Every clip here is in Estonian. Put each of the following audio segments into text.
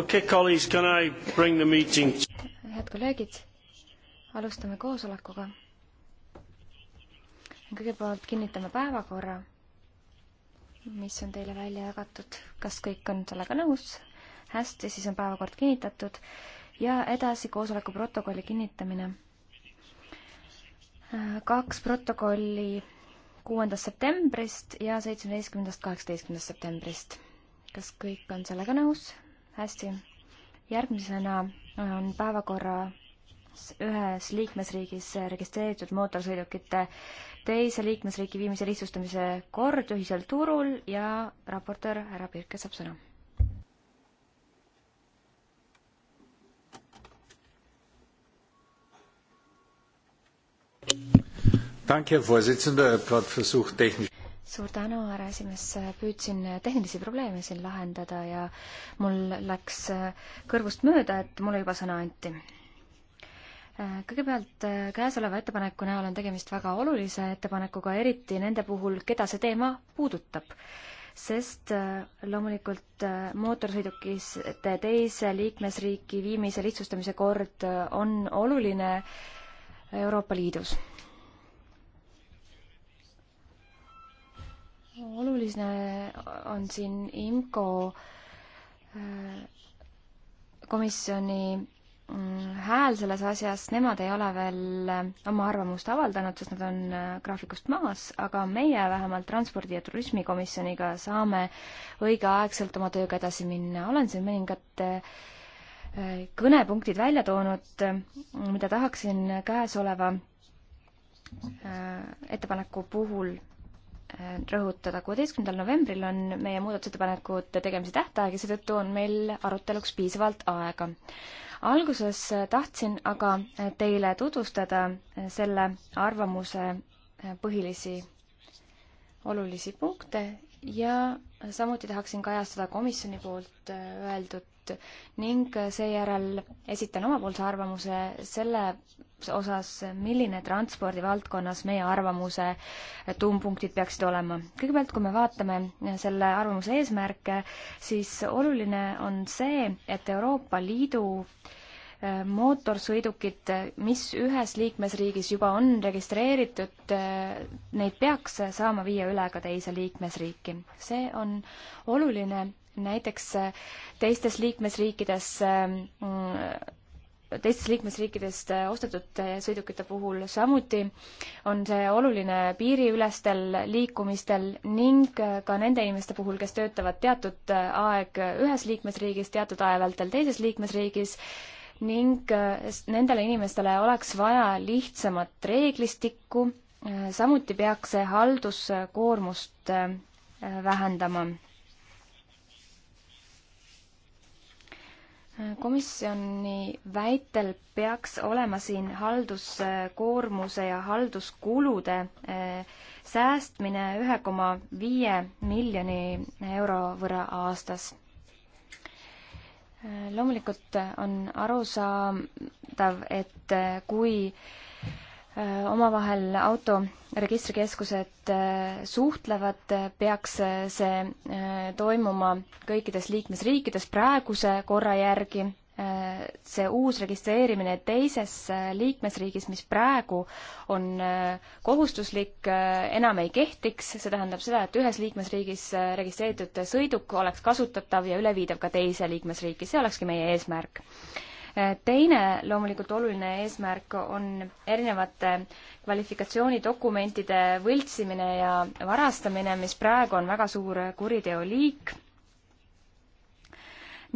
okay, colleagues, can I bring the meeting? head kolleegid, alustame koosolekuga. kõigepealt kinnitame päevakorra, mis on teile välja jagatud. kas kõik on sellega nõus? hästi, siis on päevakord kinnitatud ja edasi koosoleku protokolli kinnitamine. kaks protokolli kuuendast septembrist ja seitsmeteistkümnendast kaheksateistkümnendast septembrist. kas kõik on sellega nõus? hästi. järgmisena on päevakorra ühes liikmesriigis registreeritud mootorsõidukite teise liikmesriiki viimise lihtsustamise kord ühisel turul ja raportöör härra Pirke saab sõna. Danke, Herr Vorsitzender. Ich er habe gerade versucht, technisch suur tänu, härra esimees, püüdsin tehnilisi probleeme siin lahendada ja mul läks kõrvust mööda, et mulle juba sõna anti kõigepealt käesoleva ettepaneku näol on tegemist väga olulise ettepanekuga, eriti nende puhul, keda see teema puudutab. sest äh, loomulikult äh, mootorsõidukite teise liikmesriiki viimise lihtsustamise kord äh, on oluline Euroopa Liidus. oluline on siin IMCO äh, komisjoni mm, hääl selles asjas, nemad ei ole veel äh, oma arvamust avaldanud, sest nad on äh, graafikust maas, aga meie vähemalt Transpordi- ja Turismikomisjoniga saame õigeaegselt oma tööga edasi minna. olen siin mõningad kõnepunktid välja toonud, mida tahaksin käesoleva ettepaneku puhul rõhutada, kuueteistkümnendal novembril on meie muudatusettepanekute tegemise tähtaeg ja seetõttu on meil aruteluks piisavalt aega. alguses tahtsin aga teile tutvustada selle arvamuse põhilisi olulisi punkte ja samuti tahaksin kajastada komisjoni poolt öeldut ning seejärel esitan omapoolse arvamuse selle osas, milline transpordivaldkonnas meie arvamuse tuumpunktid peaksid olema. kõigepealt, kui me vaatame selle arvamuse eesmärke, siis oluline on see, et Euroopa Liidu äh, mootorsõidukid, mis ühes liikmesriigis juba on registreeritud, äh, neid peaks saama viia üle ka teise liikmesriiki. see on oluline näiteks teistes liikmesriikides äh, teistest liikmesriikidest äh, ostetud äh, sõidukite puhul samuti on see oluline piiriülestel liikumistel ning äh, ka nende inimeste puhul, kes töötavad teatud aeg ühes liikmesriigis, teatud aja vältel teises liikmesriigis ning nendele inimestele oleks vaja lihtsamat reeglistikku, samuti peaks see halduskoormust vähendama komisjoni väitel peaks olema siin halduskoormuse ja halduskulude eh, säästmine ühe koma viie miljoni euro võrra aastas. Eh, loomulikult on arusaadav, et eh, kui äh, Äh, omavahel auto registrikeskused äh, suhtlevad, äh, peaks see toimuma kõikides liikmesriikides praeguse korra järgi. see uus registreerimine teises liikmesriigis, mis praegu on kohustuslik, enam ei kehtiks, see tähendab seda, et ühes liikmesriigis registreeritud sõiduk oleks kasutatav ja üleviidav ka teise liikmesriiki, see olekski meie eesmärk teine loomulikult oluline eesmärk on erinevate kvalifikatsioonidokumentide võltsimine ja varastamine, mis praegu on väga suur kuriteoliik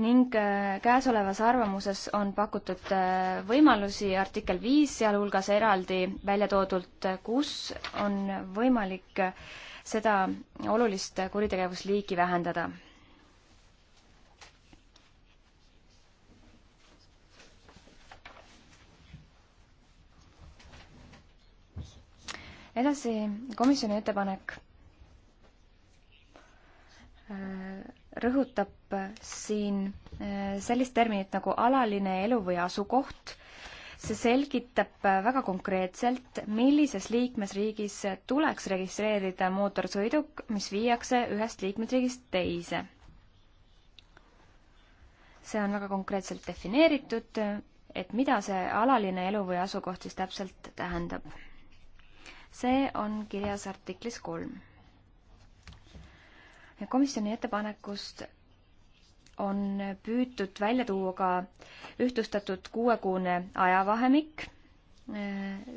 ning äh, käesolevas arvamuses on pakutud äh, võimalusi, artikkel viis sealhulgas eraldi välja toodult, äh, kus on võimalik seda olulist kuritegevusliiki vähendada edasi, komisjoni ettepanek äh, rõhutab äh, siin äh, sellist terminit nagu alaline elu või asukoht. see selgitab väga konkreetselt, millises liikmesriigis tuleks registreerida mootorsõiduk, mis viiakse ühest liikmesriigist teise. see on väga konkreetselt defineeritud, et mida see alaline elu või asukoht siis täpselt tähendab see on kirjas artiklis kolm. komisjoni ettepanekust on püütud välja tuua ka ühtlustatud kuuekuune ajavahemik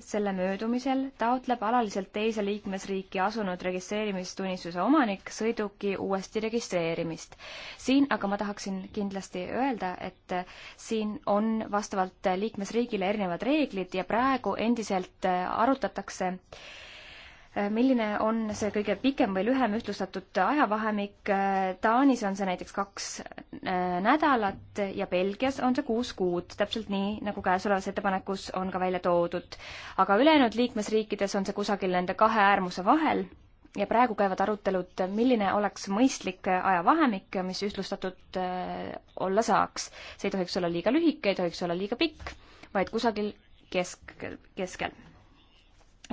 selle möödumisel taotleb alaliselt teise liikmesriiki asunud registreerimistunnistuse omanik sõiduki uuesti registreerimist. siin aga ma tahaksin kindlasti öelda, et siin on vastavalt liikmesriigile erinevad reeglid ja praegu endiselt arutatakse äh, milline on see kõige pikem või lühem ühtlustatud ajavahemik, Taanis on see näiteks kaks äh, nädalat ja Belgias on see kuus kuud, täpselt nii, nagu käesolevas ettepanekus on ka välja toodud. aga ülejäänud liikmesriikides on see kusagil nende kahe äärmuse vahel ja praegu käivad arutelud, milline oleks mõistlik ajavahemik, mis ühtlustatud äh, olla saaks. see ei tohiks olla liiga lühike, ei tohiks olla liiga pikk, vaid kusagil kesk, keskel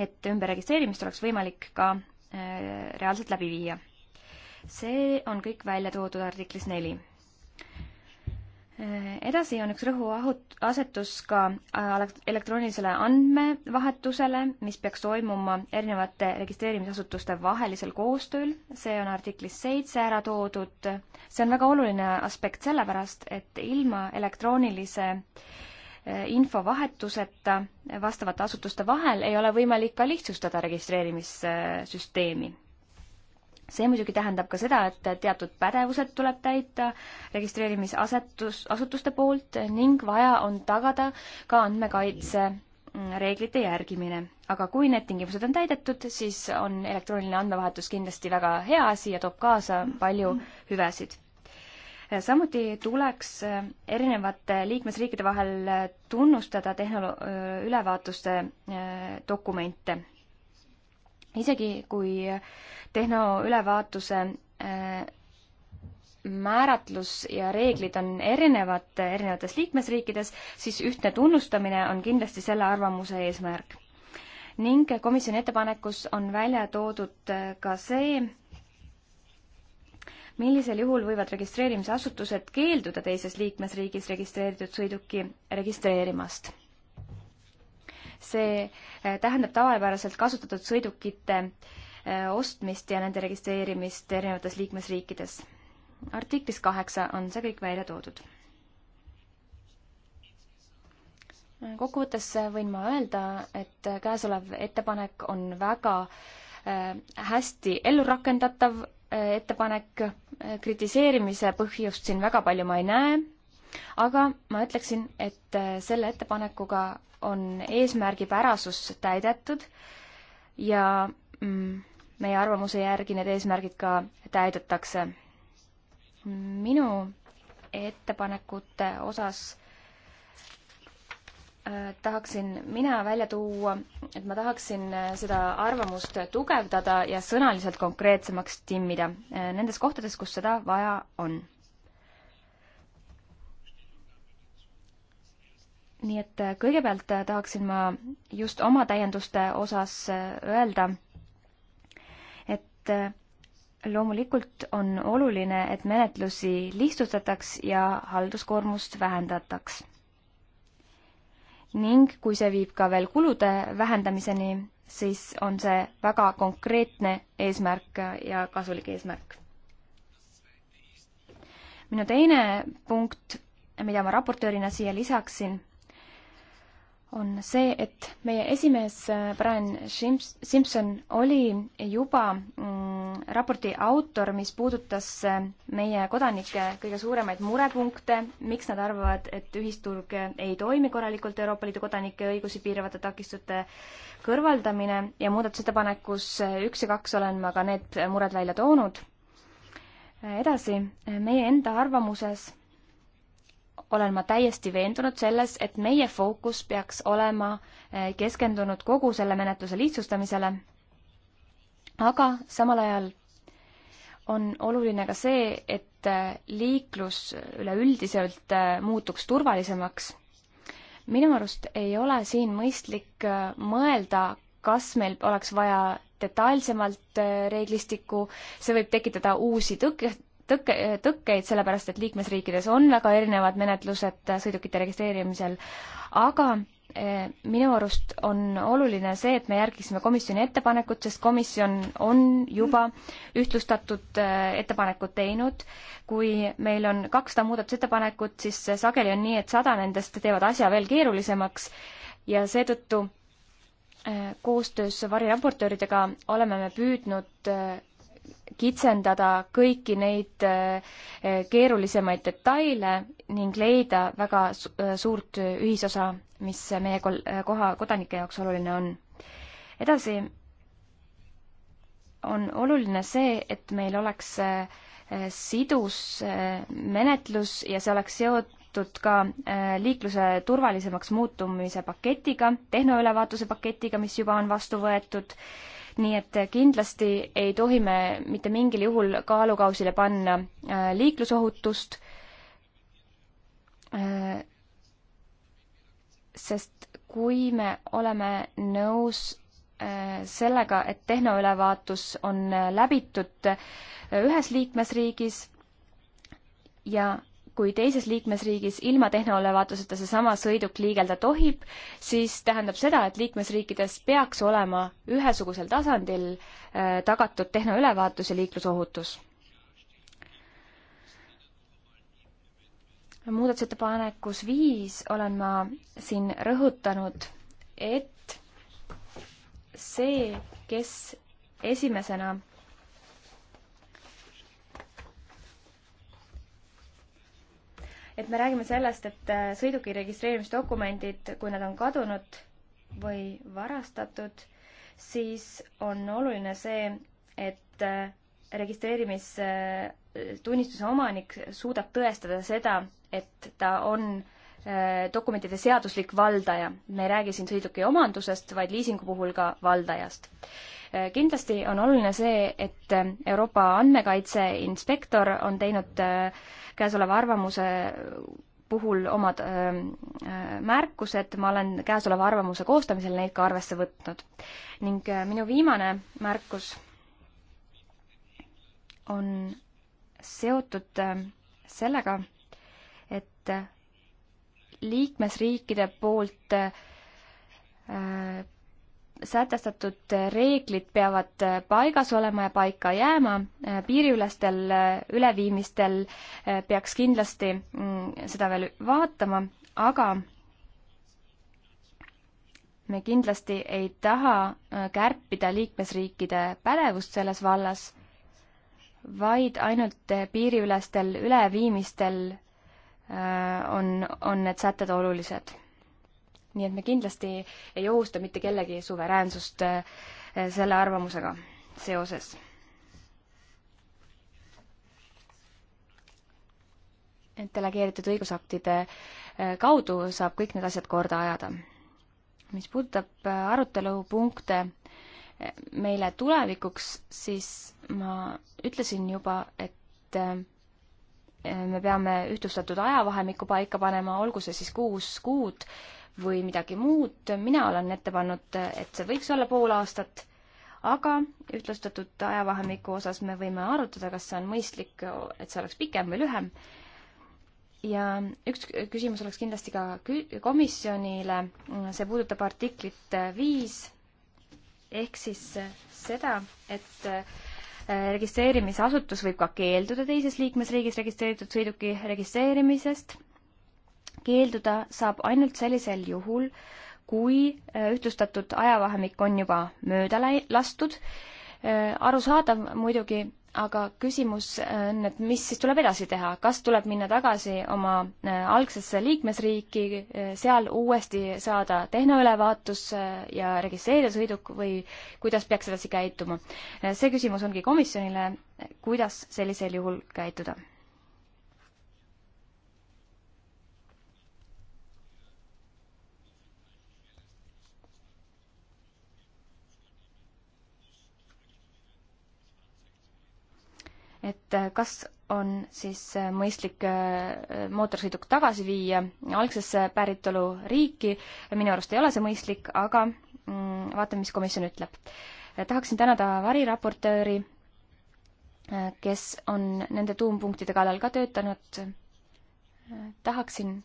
et ümberregistreerimist oleks võimalik ka äh, reaalselt läbi viia. see on kõik välja toodud artiklis neli. Äh, edasi on üks rõhuasetus ka äh, elektroonilisele andmevahetusele, mis peaks toimuma erinevate registreerimisasutuste vahelisel koostööl. see on artiklis seitse ära toodud. see on väga oluline aspekt sellepärast, et ilma elektroonilise äh, infovahetuseta vastavate asutuste vahel ei ole võimalik ka lihtsustada registreerimissüsteemi. see muidugi tähendab ka seda, et teatud pädevused tuleb täita registreerimisasetus, asutuste poolt ning vaja on tagada ka andmekaitse reeglite järgimine. aga kui need tingimused on täidetud, siis on elektrooniline andmevahetus kindlasti väga hea asi ja toob kaasa palju hüvesid samuti tuleks äh, erinevate liikmesriikide vahel äh, tunnustada tehnolo-, äh, ülevaatuste dokumente. isegi, kui tehnoülevaatuse määratlus ja reeglid on erinevad erinevates liikmesriikides, siis ühtne tunnustamine on kindlasti selle arvamuse eesmärk. ning komisjoni ettepanekus on välja toodud ka see, millisel juhul võivad registreerimisasutused keelduda teises liikmesriigis registreeritud sõiduki registreerimast? see eh, tähendab tavapäraselt kasutatud sõidukite eh, ostmist ja nende registreerimist erinevates liikmesriikides. artiklis kaheksa on see kõik välja toodud. kokkuvõttes võin ma öelda, et käesolev ettepanek on väga eh, hästi ellurakendatav ettepanek, kritiseerimise põhjust siin väga palju ma ei näe, aga ma ütleksin, et selle ettepanekuga on eesmärgipärasus täidetud ja mm, meie arvamuse järgi need eesmärgid ka täidetakse. minu ettepanekute osas Äh, tahaksin mina välja tuua, et ma tahaksin äh, seda arvamust tugevdada ja sõnaliselt konkreetsemaks timmida äh, nendes kohtades, kus seda vaja on. nii et kõigepealt tahaksin ma just oma täienduste osas öelda, et loomulikult on oluline, et menetlusi lihtsustataks ja halduskoormust vähendataks ning kui see viib ka veel kulude vähendamiseni, siis on see väga konkreetne eesmärk ja kasulik eesmärk. minu teine punkt, mida ma raportöörina siia lisaksin, on see, et meie esimees äh, Brian Simps-, Simson oli juba mm, raporti autor, mis puudutas meie kodanike kõige suuremaid murepunkte, miks nad arvavad, et ühisturg ei toimi korralikult Euroopa Liidu kodanike õigusi piiravate takistuste kõrvaldamine ja muudatusettepanekus üks ja kaks olen ma ka need mured välja toonud. edasi, meie enda arvamuses olen ma täiesti veendunud selles, et meie fookus peaks olema keskendunud kogu selle menetluse lihtsustamisele aga samal ajal on oluline ka see, et liiklus üleüldiselt äh, muutuks turvalisemaks. minu arust ei ole siin mõistlik äh, mõelda, kas meil oleks vaja detailsemalt äh, reeglistikku, see võib tekitada uusi tõkke, tõkke, tõkkeid, sellepärast et liikmesriikides on väga erinevad menetlused sõidukite registreerimisel, aga Äh, minu arust on oluline see, et me järgiksime komisjoni ettepanekut, sest komisjon on juba ühtlustatud äh, ettepanekud teinud. kui meil on kakssada muudatusettepanekut, siis sageli on nii, et sada nendest teevad asja veel keerulisemaks ja seetõttu äh, koostöös variraportööridega oleme me püüdnud kitsendada kõiki neid keerulisemaid detaile ning leida väga äh, suurt äh, ühisosa, mis meie kol-, äh, koha kodanike jaoks oluline on. edasi on oluline see, et meil oleks sidus menetlus ja see oleks seotud ka liikluse turvalisemaks muutumise paketiga, tehnoülevaatuse paketiga, mis juba on vastu võetud, nii et kindlasti ei tohi me mitte mingil juhul kaalukausile panna liiklusohutust Äh, sest kui me oleme nõus äh, sellega, et tehnoülevaatus on äh, läbitud ühes liikmesriigis ja kui teises liikmesriigis ilma tehnoülevaatuseta seesama sõiduk liigelda tohib, siis tähendab seda, et liikmesriikides peaks olema ühesugusel tasandil tagatud tehnoülevaatus ja liiklusohutus muudatusettepanekus viis olen ma siin rõhutanud, et see, kes esimesena et me räägime sellest, et äh, sõiduki registreerimisdokumendid, kui nad on kadunud või varastatud, siis on oluline see, et äh, registreerimistunnistuse äh, omanik suudab tõestada seda, et ta on äh, dokumentide seaduslik valdaja. me ei räägi siin sõiduki omandusest, vaid liisingu puhul ka valdajast. Äh, kindlasti on oluline see, et äh, Euroopa andmekaitse inspektor on teinud käesoleva arvamuse puhul omad öö, ähm, märkused, ma olen käesoleva arvamuse koostamisel neid ka arvesse võtnud. ning minu viimane märkus on seotud sellega, et liikmesriikide poolt äh, sätestatud reeglid peavad paigas olema ja paika jääma. Äh, piiriülestel äh, üleviimistel peaks kindlasti mm, seda veel vaatama, aga me kindlasti ei taha kärpida liikmesriikide pädevust selles vallas, vaid ainult piiriülestel üleviimistel Äh, on, on need sätted olulised. nii et me kindlasti ei ohusta mitte kellegi suveräänsust äh, selle arvamusega seoses. et delegeeritud õigusaktide äh, kaudu saab kõik need asjad korda ajada. mis puudutab arutelupunkte meile tulevikuks, siis ma ütlesin juba, et me peame ühtlustatud ajavahemikku paika panema, olgu see siis kuus kuud või midagi muud, mina olen ette pannud, et see võiks olla pool aastat, aga ühtlustatud ajavahemiku osas me võime arutada, kas see on mõistlik, et see oleks pikem või lühem. ja üks küsimus oleks kindlasti ka komisjonile, see puudutab artiklit viis, ehk siis seda, et Äh, registreerimisasutus võib ka keelduda teises liikmesriigis registreeritud sõiduki registreerimisest. keelduda saab ainult sellisel juhul, kui äh, ühtlustatud ajavahemik on juba mööda lastud. Äh, arusaadav muidugi aga küsimus on, äh, et mis siis tuleb edasi teha, kas tuleb minna tagasi oma äh, algsesse liikmesriiki, äh, seal uuesti saada tehnoülevaatus ja registreerida sõiduk või kuidas peaks edasi käituma? see küsimus ongi komisjonile, kuidas sellisel juhul käituda et äh, kas on siis äh, mõistlik äh, mootorsõiduk tagasi viia algsesse päritoluriiki. minu arust ei ole see mõistlik, aga mm, vaatame, mis komisjon ütleb. tahaksin tänada variraportööri, kes on nende tuumpunktide kallal ka töötanud. tahaksin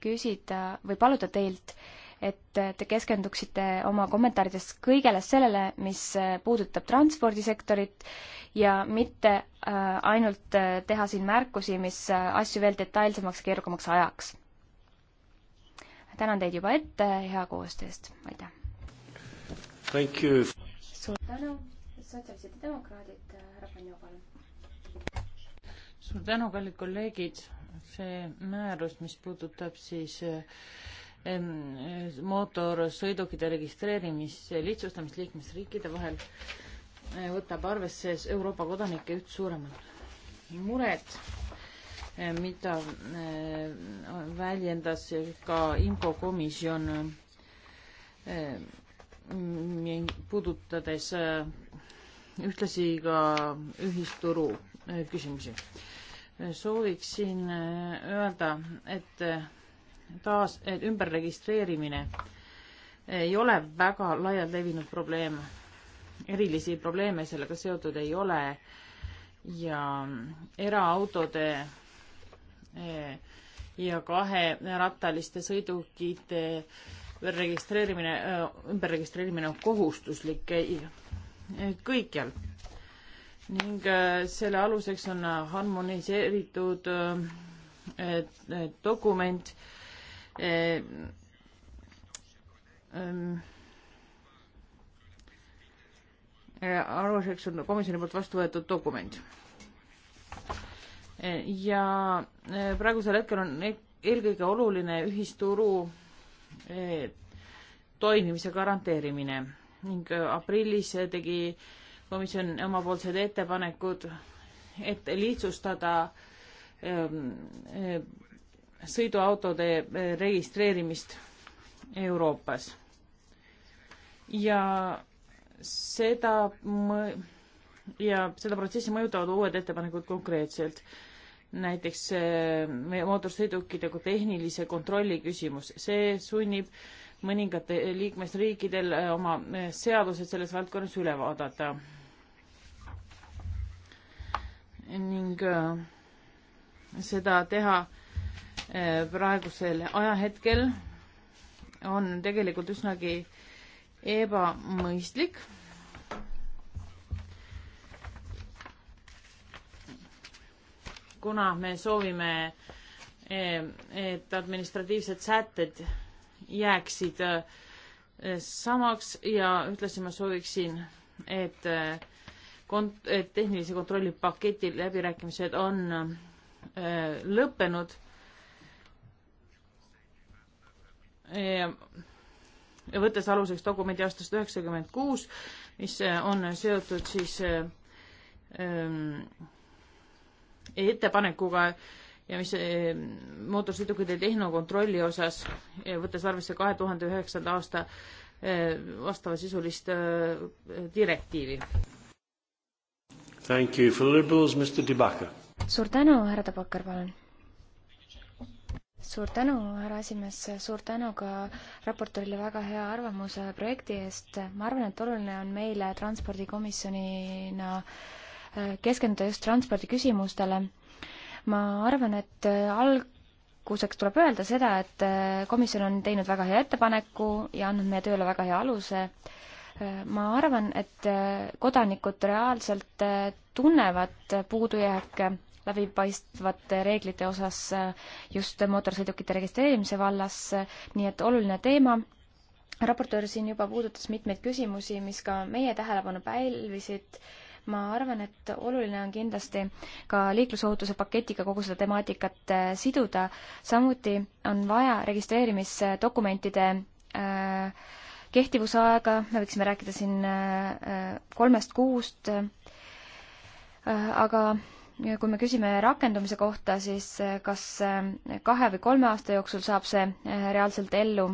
küsida või paluda teilt äh, et te keskenduksite oma kommentaarides kõigele sellele, mis puudutab transpordisektorit ja mitte äh, ainult äh, teha siin märkusi, mis äh, asju veel detailsemaks, keerukamaks ajaks. tänan teid juba ette hea koostöö eest, aitäh! suur tänu, sotsialistid ja demokraadid, härra Panjo, palun! suur tänu, kallid kolleegid, see määrus, mis puudutab siis äh, Eh, mootorsõidukite registreerimise lihtsustamist liikmesriikide vahel eh, võtab arvesse Euroopa kodanike üht suuremad mured, eh, mida väljendas ka IMCO komisjon puudutades ühtlasi ka ühisturu küsimusi. sooviksin öelda, et taas, et ümberregistreerimine ei ole väga laialt levinud probleem. erilisi probleeme sellega seotud ei ole ja eraautode eh, ja kaherattaliste sõidukite registreerimine, eh, ümberregistreerimine on kohustuslik eh, kõikjal. ning selle aluseks on harmoniseeritud dokument Ehm, ehm, aluseks on komisjoni poolt vastu võetud dokument. ja eh, praegusel hetkel on e-, eelkõige oluline ühisturu eh, toimimise garanteerimine ning eh, aprillis tegi komisjon omapoolsed ettepanekud, et lihtsustada ehm, sõiduautode eh, registreerimist Euroopas. ja seda mõ-, ja seda protsessi mõjutavad uued ettepanekud konkreetselt. näiteks eh, meie mootorsõidukite tehnilise kontrolli küsimus, see sunnib mõningate liikmesriikidel eh, oma seadused selles valdkonnas üle vaadata. ning seda teha Äh, praegusel ajahetkel on tegelikult üsnagi ebamõistlik. kuna me soovime, äh, et administratiivsed sätted jääksid äh, samaks ja ühtlasi ma sooviksin, et kont-, et tehnilise kontrolli paketi läbirääkimised on lõppenud võttes aluseks dokumendi aastast üheksakümmend kuus, mis äh, on seotud siis äh, ähm, ettepanekuga ja mis äh, mootorsõidukite tehnokontrolli osas, võttes arvesse kahe tuhande üheksanda aasta vastavasisulist direktiivi. suur tänu, härra Tabakar, palun suur tänu, härra esimees, suur tänu ka raportorile väga hea arvamuse projekti eest. ma arvan, et oluline on meile transpordikomisjonina äh, keskenduda just transpordiküsimustele. ma arvan, et äh, alguseks tuleb öelda seda, et äh, komisjon on teinud väga hea ettepaneku ja andnud meie tööle väga hea aluse. ma arvan, et kodanikud reaalselt tunnevad puudujääke läbipaistvate reeglite osas äh, just mootorsõidukite registreerimise vallas, äh, nii et oluline teema. raportöör siin juba puudutas mitmeid küsimusi, mis ka meie tähelepanu pälvisid ma arvan, et oluline on kindlasti ka liiklusohutuse paketiga kogu seda temaatikat äh, siduda, samuti on vaja registreerimisdokumentide kehtivusaega, me võiksime rääkida siin kolmest kuust, aga kui me küsime rakendumise kohta, siis eh, kas eh, kahe või kolme aasta jooksul saab see eh, reaalselt ellu,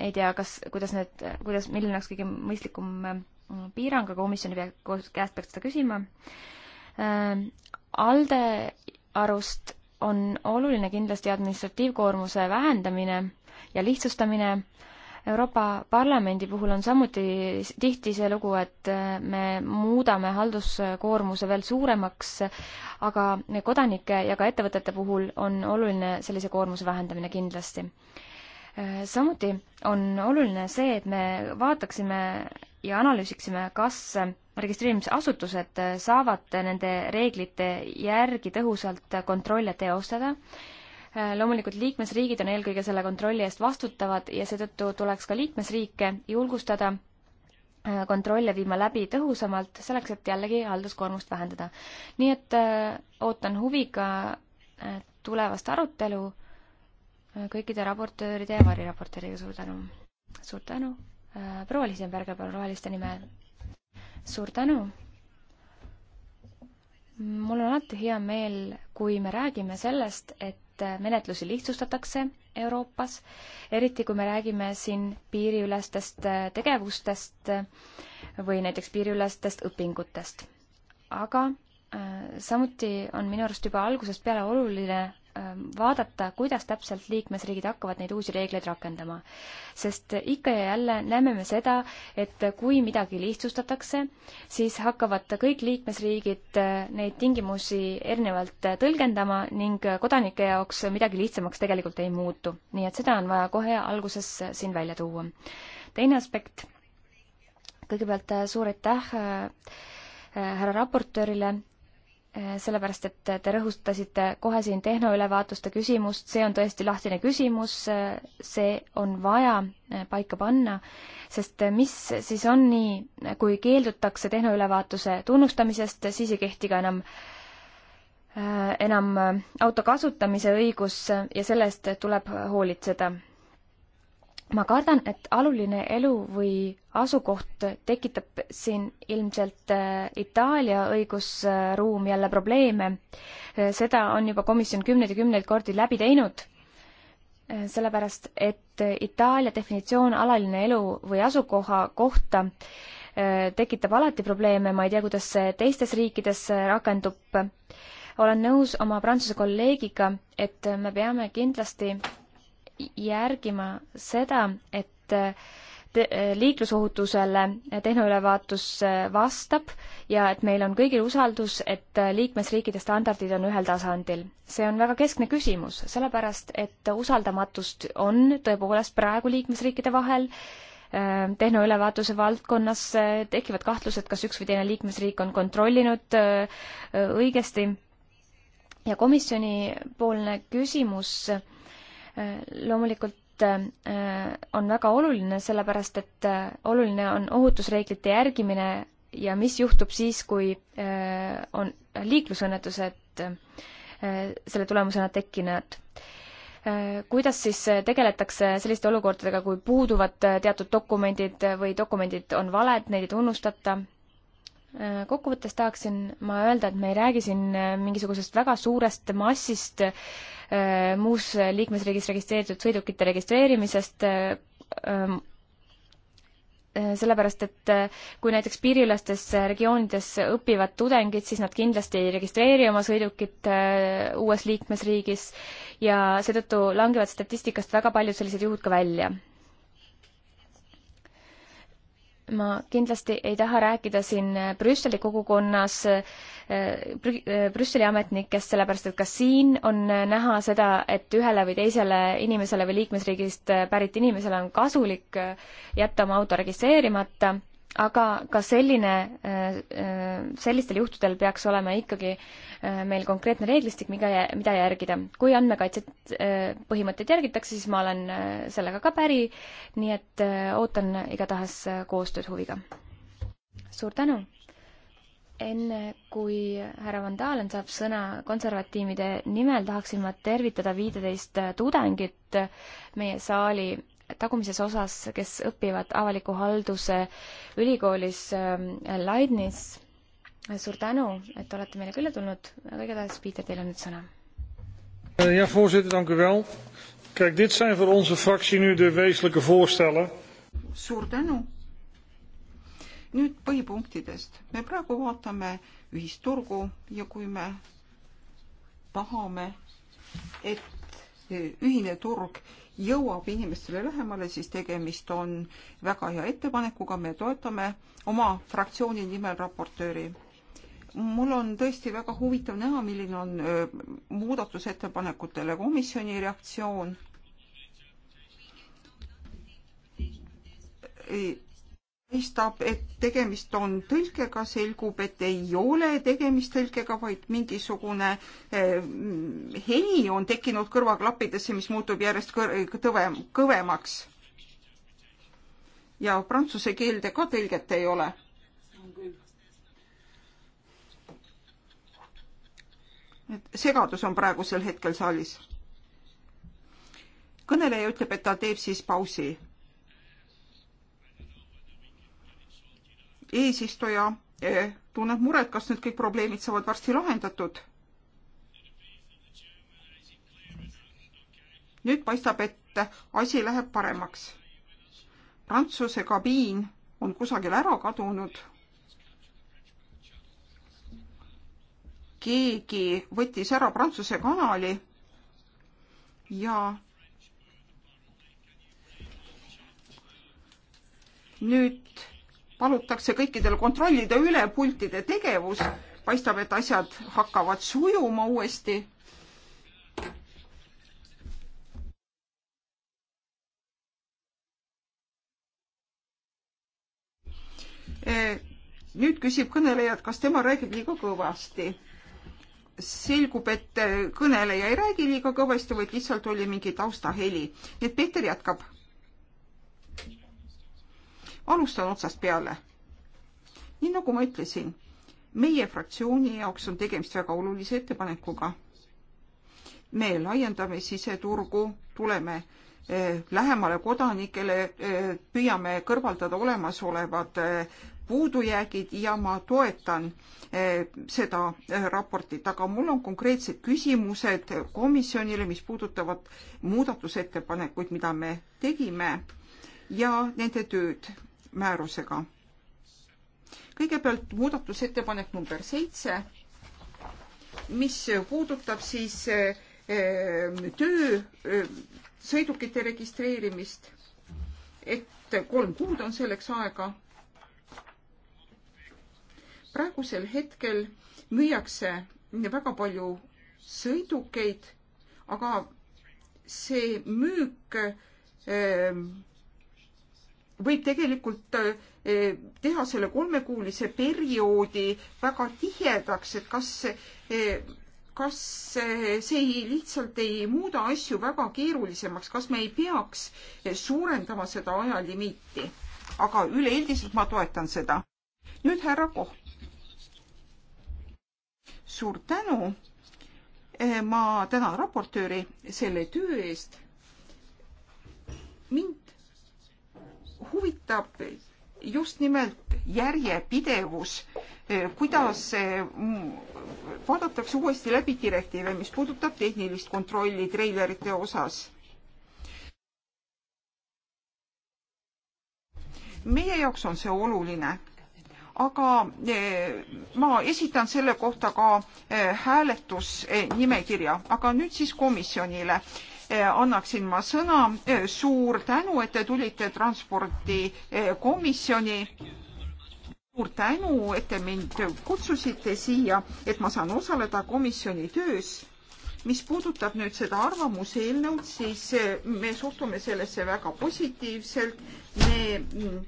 ei tea, kas, kuidas need, kuidas, milline oleks kõige mõistlikum piirang, aga komisjoni käest peaks seda küsima. ALDE arust on oluline kindlasti administratiivkoormuse vähendamine ja lihtsustamine äh, Euroopa Parlamendi puhul on samuti tihti see lugu, et äh, me muudame halduskoormuse veel suuremaks, aga kodanike ja ka ettevõtete puhul on oluline sellise koormuse vähendamine kindlasti. Äh, samuti on oluline see, et me vaataksime ja analüüsiksime, kas registreerimisasutused saavad nende reeglite järgi tõhusalt kontrolle teostada Äh, loomulikult liikmesriigid on eelkõige selle kontrolli eest vastutavad ja seetõttu tuleks ka liikmesriike julgustada äh, kontrolle viima läbi tõhusamalt, selleks et jällegi halduskoormust vähendada. nii et äh, ootan huviga tulevast arutelu kõikide raportööride ja variraportööriga, suur tänu! suur tänu! proua Liisenberger, palun, Roheliste nimel! suur tänu! mul on alati hea meel, kui me räägime sellest, et et menetlusi lihtsustatakse Euroopas, eriti kui me räägime siin piiriülestest tegevustest või näiteks piiriülestest õpingutest. aga äh, samuti on minu arust juba algusest peale oluline Ähm, vaadata, kuidas täpselt liikmesriigid hakkavad neid uusi reegleid rakendama. sest ikka ja jälle näeme me seda, et kui midagi lihtsustatakse, siis hakkavad kõik liikmesriigid äh, neid tingimusi erinevalt äh, tõlgendama ning äh, kodanike jaoks midagi lihtsamaks tegelikult ei muutu. nii et seda on vaja kohe alguses siin välja tuua. teine aspekt, kõigepealt suur aitäh härra raportöörile Äh, sellepärast et te rõhutasite kohe siin tehnoülevaatuste küsimust, see on tõesti lahtine küsimus, äh, see on vaja äh, paika panna, sest mis siis on nii, kui keeldutakse tehnoülevaatuse tunnustamisest, siis ei kehti ka enam enam auto kasutamise õigus ja selle eest tuleb hoolitseda. ma kardan, et aluline elu või asukoht tekitab siin ilmselt äh, Itaalia õigusruum jälle probleeme. Äh, seda on juba komisjon kümneid ja kümneid kordi läbi teinud, äh, sellepärast et Itaalia definitsioon alaline elu või asukoha kohta tekitab alati probleeme, ma ei tea, kuidas see teistes riikides rakendub. olen nõus oma prantsuse kolleegiga, et me peame kindlasti järgima seda, et te liiklusohutusele eh, tehnoülevaatus eh, vastab ja et meil on kõigil usaldus, et eh, liikmesriikide standardid on ühel tasandil. see on väga keskne küsimus, sellepärast et usaldamatust on tõepoolest praegu liikmesriikide vahel, tehnoülevaatuse valdkonnas tekivad kahtlused, kas üks või teine liikmesriik on kontrollinud õigesti ja komisjonipoolne küsimus loomulikult et äh, on väga oluline, sellepärast et äh, oluline on ohutusreeglite järgimine ja mis juhtub siis, kui äh, on liiklusõnnetused selle tulemusena tekkinud kuidas siis tegeletakse selliste olukordadega, kui puuduvad teatud dokumendid või dokumendid on valed, neid ei tunnustata? kokkuvõttes tahaksin ma öelda, et me ei räägi siin äh, mingisugusest väga suurest massist äh, muus liikmesriigis registreeritud sõidukite registreerimisest, äh, ähm, sellepärast et kui näiteks piiriülastes regioonides õpivad tudengid, siis nad kindlasti ei registreeri oma sõidukit uues liikmesriigis ja seetõttu langevad statistikast väga paljud sellised juhud ka välja ma kindlasti ei taha rääkida siin Brüsseli kogukonnas eh, Brü-, eh, Brüsseli ametnikest, sellepärast et ka siin on näha seda, et ühele või teisele inimesele või liikmesriigist pärit inimesele on kasulik eh, jätta oma auto registreerimata aga ka selline, äh, äh, sellistel juhtudel peaks olema ikkagi äh, meil konkreetne reeglistik, mida, mida järgida. kui andmekaitset põhimõtteid järgitakse, siis ma olen sellega ka päri, nii et ootan igatahes koostööd huviga. suur tänu! enne kui härra Van Dalen saab sõna konservatiivide nimel, tahaksin ma tervitada viiteist tudengit meie saali tagumises osas, kes õpivad avaliku halduse ülikoolis ähm, Leidnis. suur tänu, et olete meile külla tulnud, aga igatahes, Piiter, teil on nüüd sõna. Eh, jah, voorzitter, tänku veel. Kijk, dit zijn voor onze fractie nu de wezenlijke voorstellen. suur tänu. nüüd põhipunktidest. me praegu vaatame ühisturgu ja kui me tahame, et eh, ühine turg jõuab inimestele lähemale, siis tegemist on väga hea ettepanekuga, me toetame oma fraktsiooni nimel raportööri. mul on tõesti väga huvitav näha, milline on muudatusettepanekutele komisjoni reaktsioon paistab, et tegemist on tõlkega, selgub, et ei ole tegemist tõlkega, vaid mingisugune eh, heli on tekkinud kõrvaklappidesse, mis muutub järjest tõve, kõvemaks. ja prantsuse keelde ka tõlget ei ole. et segadus on praegusel hetkel saalis. kõneleja ütleb, et ta teeb siis pausi eesistuja eh, tunneb muret, kas nüüd kõik probleemid saavad varsti lahendatud. nüüd paistab, et asi läheb paremaks. Prantsuse kabiin on kusagil ära kadunud. keegi võttis ära Prantsuse kanali ja nüüd palutakse kõikidel kontrollida üle pultide tegevus, paistab, et asjad hakkavad sujuma uuesti. Eh, nüüd küsib kõneleja, et kas tema räägib liiga kõvasti. selgub, et eh, kõneleja ei räägi liiga kõvasti, vaid lihtsalt oli mingi taustaheli. nii et Peeter jätkab alustan otsast peale. nii nagu ma ütlesin, meie fraktsiooni jaoks on tegemist väga olulise ettepanekuga. me laiendame siseturgu, tuleme eh, lähemale kodanikele, eh, püüame kõrvaldada olemasolevad eh, puudujäägid ja ma toetan seda raportit, aga mul on konkreetsed küsimused komisjonile, mis puudutavad muudatusettepanekuid, mida me tegime ja nende tööd määrusega. kõigepealt muudatusettepanek number seitse, mis puudutab siis eh, töö eh, sõidukite registreerimist, et kolm kuud on selleks aega. praegusel hetkel müüakse väga palju sõidukeid, aga see müük eh, võib tegelikult äh, äh, teha selle kolmekuulise perioodi väga tihedaks, et kas, äh, kas see lihtsalt ei muuda asju väga keerulisemaks, kas me ei peaks suurendama seda ajalimiiti? aga üleüldiselt ma toetan seda. nüüd härra Koh. suur tänu. ma tänan raportööri selle töö eest. mind huvitab just nimelt järjepidevus, eh, kuidas eh, vaadatakse uuesti läbi direktiive, mis puudutab tehnilist kontrolli treilerite osas meie jaoks on see oluline. aga eh, ma esitan selle kohta ka hääletusnimekirja, aga nüüd siis komisjonile. Eh, annaksin ma sõna. Eh, suur tänu, et te tulite transpordikomisjoni. Eh, suur tänu, et te mind kutsusite siia, et ma saan osaleda komisjoni töös mis puudutab nüüd seda arvamuse eelnõud, siis me suhtume sellesse väga positiivselt. me mm,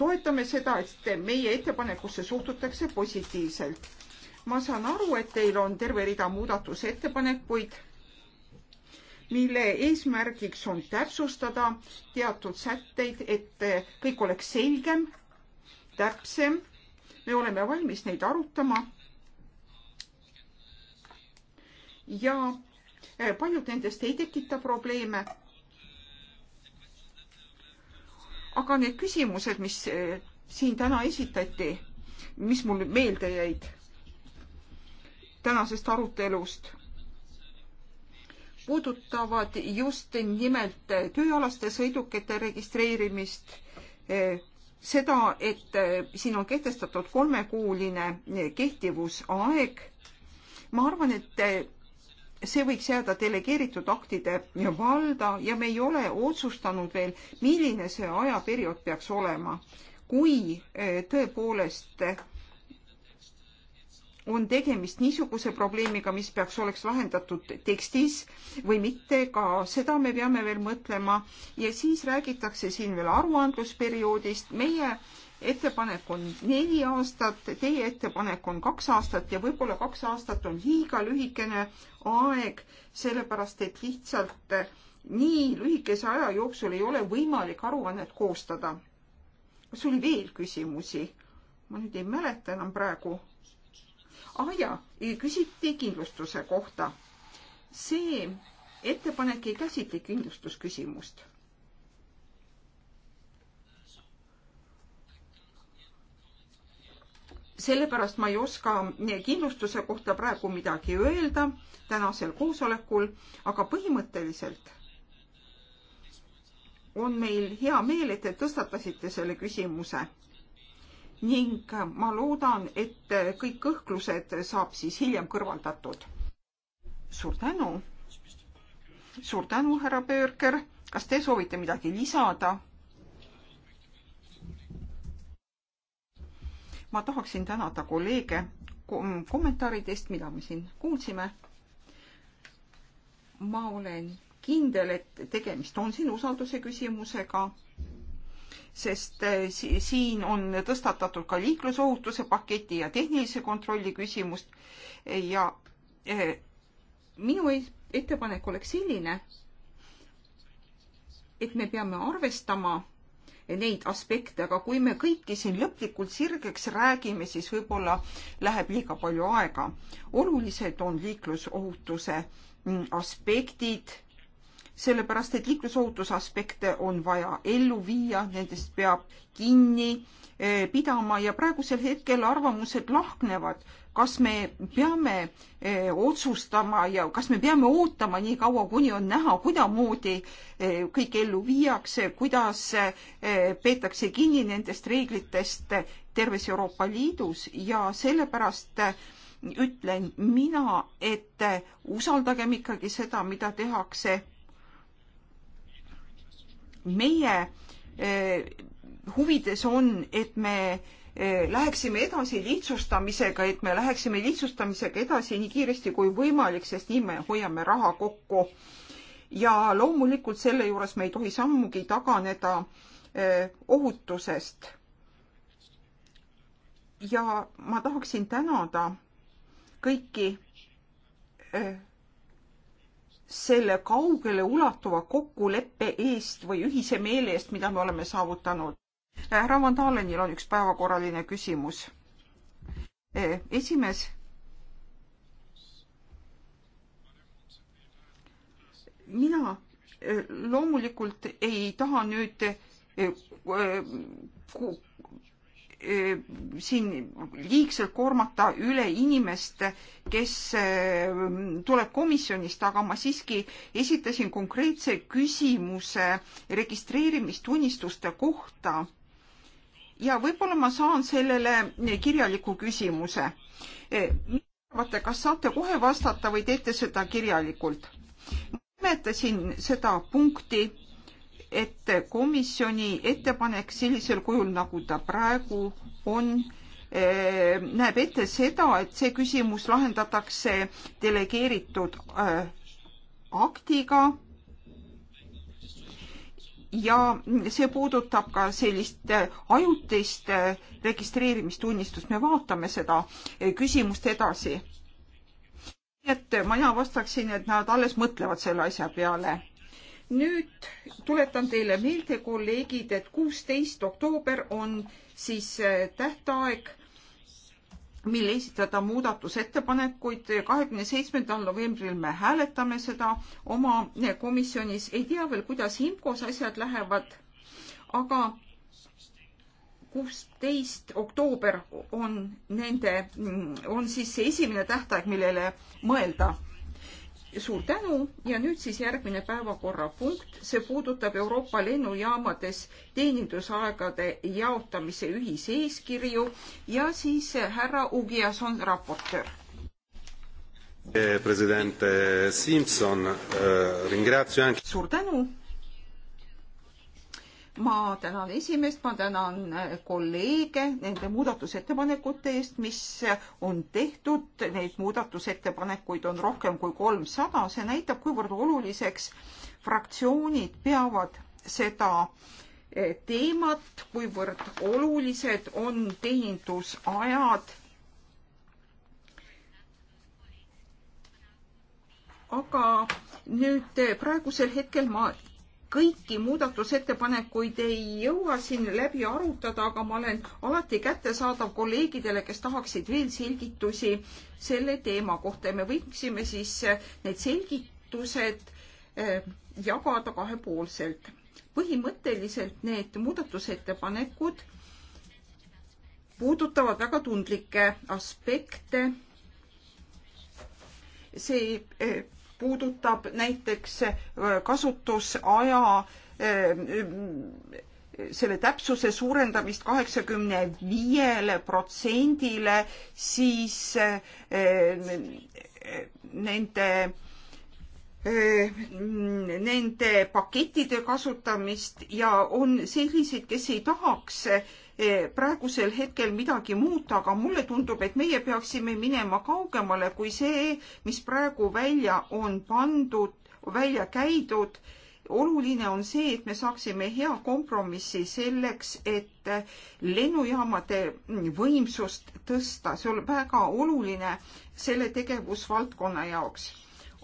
toetame seda, et meie ettepanekusse suhtutakse positiivselt ma saan aru, et teil on terve rida muudatusettepanekuid, mille eesmärgiks on täpsustada teatud sätteid, et kõik oleks selgem, täpsem. me oleme valmis neid arutama. ja paljud nendest ei tekita probleeme. aga need küsimused, mis siin täna esitati, mis mul meelde jäid tänasest arutelust puudutavad just nimelt tööalaste sõidukite registreerimist, seda, et siin on kehtestatud kolmekuuline kehtivusaeg. ma arvan, et see võiks jääda delegeeritud aktide valda ja me ei ole otsustanud veel, milline see ajaperiood peaks olema. kui tõepoolest on tegemist niisuguse probleemiga, mis peaks oleks lahendatud tekstis või mitte, ka seda me peame veel mõtlema. ja siis räägitakse siin veel aruandlusperioodist. meie ettepanek on neli aastat, teie ettepanek on kaks aastat ja võib-olla kaks aastat on liiga lühikene aeg, sellepärast et lihtsalt nii lühikese aja jooksul ei ole võimalik aruannet koostada. kas oli veel küsimusi? ma nüüd ei mäleta enam praegu ah jaa, küsiti kindlustuse kohta. see ettepanek ei käsitle kindlustusküsimust. sellepärast ma ei oska kindlustuse kohta praegu midagi öelda tänasel koosolekul, aga põhimõtteliselt on meil hea meel, et te tõstatasite selle küsimuse ning ma loodan, et kõik kõhklused saab siis hiljem kõrvaldatud. suur tänu. suur tänu, härra Pöörker. kas te soovite midagi lisada? ma tahaksin tänada kolleege kom kommentaaridest, mida me siin kuulsime. ma olen kindel, et tegemist on siin usalduse küsimusega sest eh, siin on tõstatatud ka liiklusohutuse paketi ja tehnilise kontrolli küsimust ja eh, minu e-, ettepanek oleks selline, et me peame arvestama neid aspekte, aga kui me kõiki siin lõplikult sirgeks räägime, siis võib-olla läheb liiga palju aega. olulised on liiklusohutuse mm, aspektid sellepärast et liiklusohutusaspekte on vaja ellu viia, nendest peab kinni eh, pidama ja praegusel hetkel arvamused lahknevad, kas me peame eh, otsustama ja kas me peame ootama nii kaua, kuni on näha, kuidamoodi eh, kõik ellu viiakse, kuidas peetakse kinni nendest reeglitest terves Euroopa Liidus ja sellepärast ütlen mina, et usaldagem ikkagi seda, mida tehakse meie eh, huvides on, et me eh, läheksime edasi lihtsustamisega, et me läheksime lihtsustamisega edasi nii kiiresti kui võimalik, sest nii me hoiame raha kokku. ja loomulikult selle juures me ei tohi sammugi taganeda eh, ohutusest. ja ma tahaksin tänada kõiki selle kaugele ulatuva kokkuleppe eest või ühise meele eest, mida me oleme saavutanud. härra Van Dalenil on üks päevakorraline küsimus. E, esimees. mina e, loomulikult ei taha nüüd e, Eh, siin liigselt koormata üle inimest, kes eh, tuleb komisjonist, aga ma siiski esitasin konkreetse küsimuse registreerimistunnistuste kohta. ja võib-olla ma saan sellele kirjaliku küsimuse. Eh, vaata, kas saate kohe vastata või teete seda kirjalikult? nimetasin seda punkti et komisjoni ettepanek sellisel kujul, nagu ta praegu on, eh, näeb ette seda, et see küsimus lahendatakse delegeeritud eh, aktiga ja see puudutab ka sellist eh, ajutist registreerimistunnistust, me vaatame seda küsimust edasi. et mina vastaksin, et nad alles mõtlevad selle asja peale nüüd tuletan teile meelde, kolleegid, et kuusteist oktoober on siis äh, tähtaeg, mil esitada muudatusettepanekuid. kahekümne seitsmendal novembril me hääletame seda oma äh, komisjonis. ei tea veel, kuidas IMCO-s asjad lähevad, aga kuusteist oktoober on nende, mm, on siis see esimene tähtaeg, millele mõelda suur tänu ja nüüd siis järgmine päevakorrapunkt, see puudutab Euroopa lennujaamades teenindusaegade jaotamise ühiseeskirju ja siis härra Ugias on raportöör. Eh, president eh, Simson, eh, ringratsioon. suur tänu ma tänan esimeest, ma tänan äh, kolleege nende muudatusettepanekute eest, mis on tehtud, neid muudatusettepanekuid on rohkem kui kolmsada, see näitab, kuivõrd oluliseks fraktsioonid peavad seda äh, teemat, kuivõrd olulised on teenindusajad. aga nüüd äh, praegusel hetkel ma kõiki muudatusettepanekuid ei jõua siin läbi arutada, aga ma olen alati kättesaadav kolleegidele, kes tahaksid veel selgitusi selle teema kohta ja me võiksime siis need selgitused eh, jagada kahepoolselt. põhimõtteliselt need muudatusettepanekud puudutavad väga tundlikke aspekte. see eh, puudutab näiteks äh, kasutusaja äh, selle täpsuse suurendamist kaheksakümne viiele protsendile, siis äh, nende nende pakettide kasutamist ja on selliseid, kes ei tahaks Eh, praegusel hetkel midagi muuta, aga mulle tundub, et meie peaksime minema kaugemale kui see, mis praegu välja on pandud, välja käidud. oluline on see, et me saaksime hea kompromissi selleks, et lennujaamade võimsust tõsta, see on väga oluline selle tegevusvaldkonna jaoks.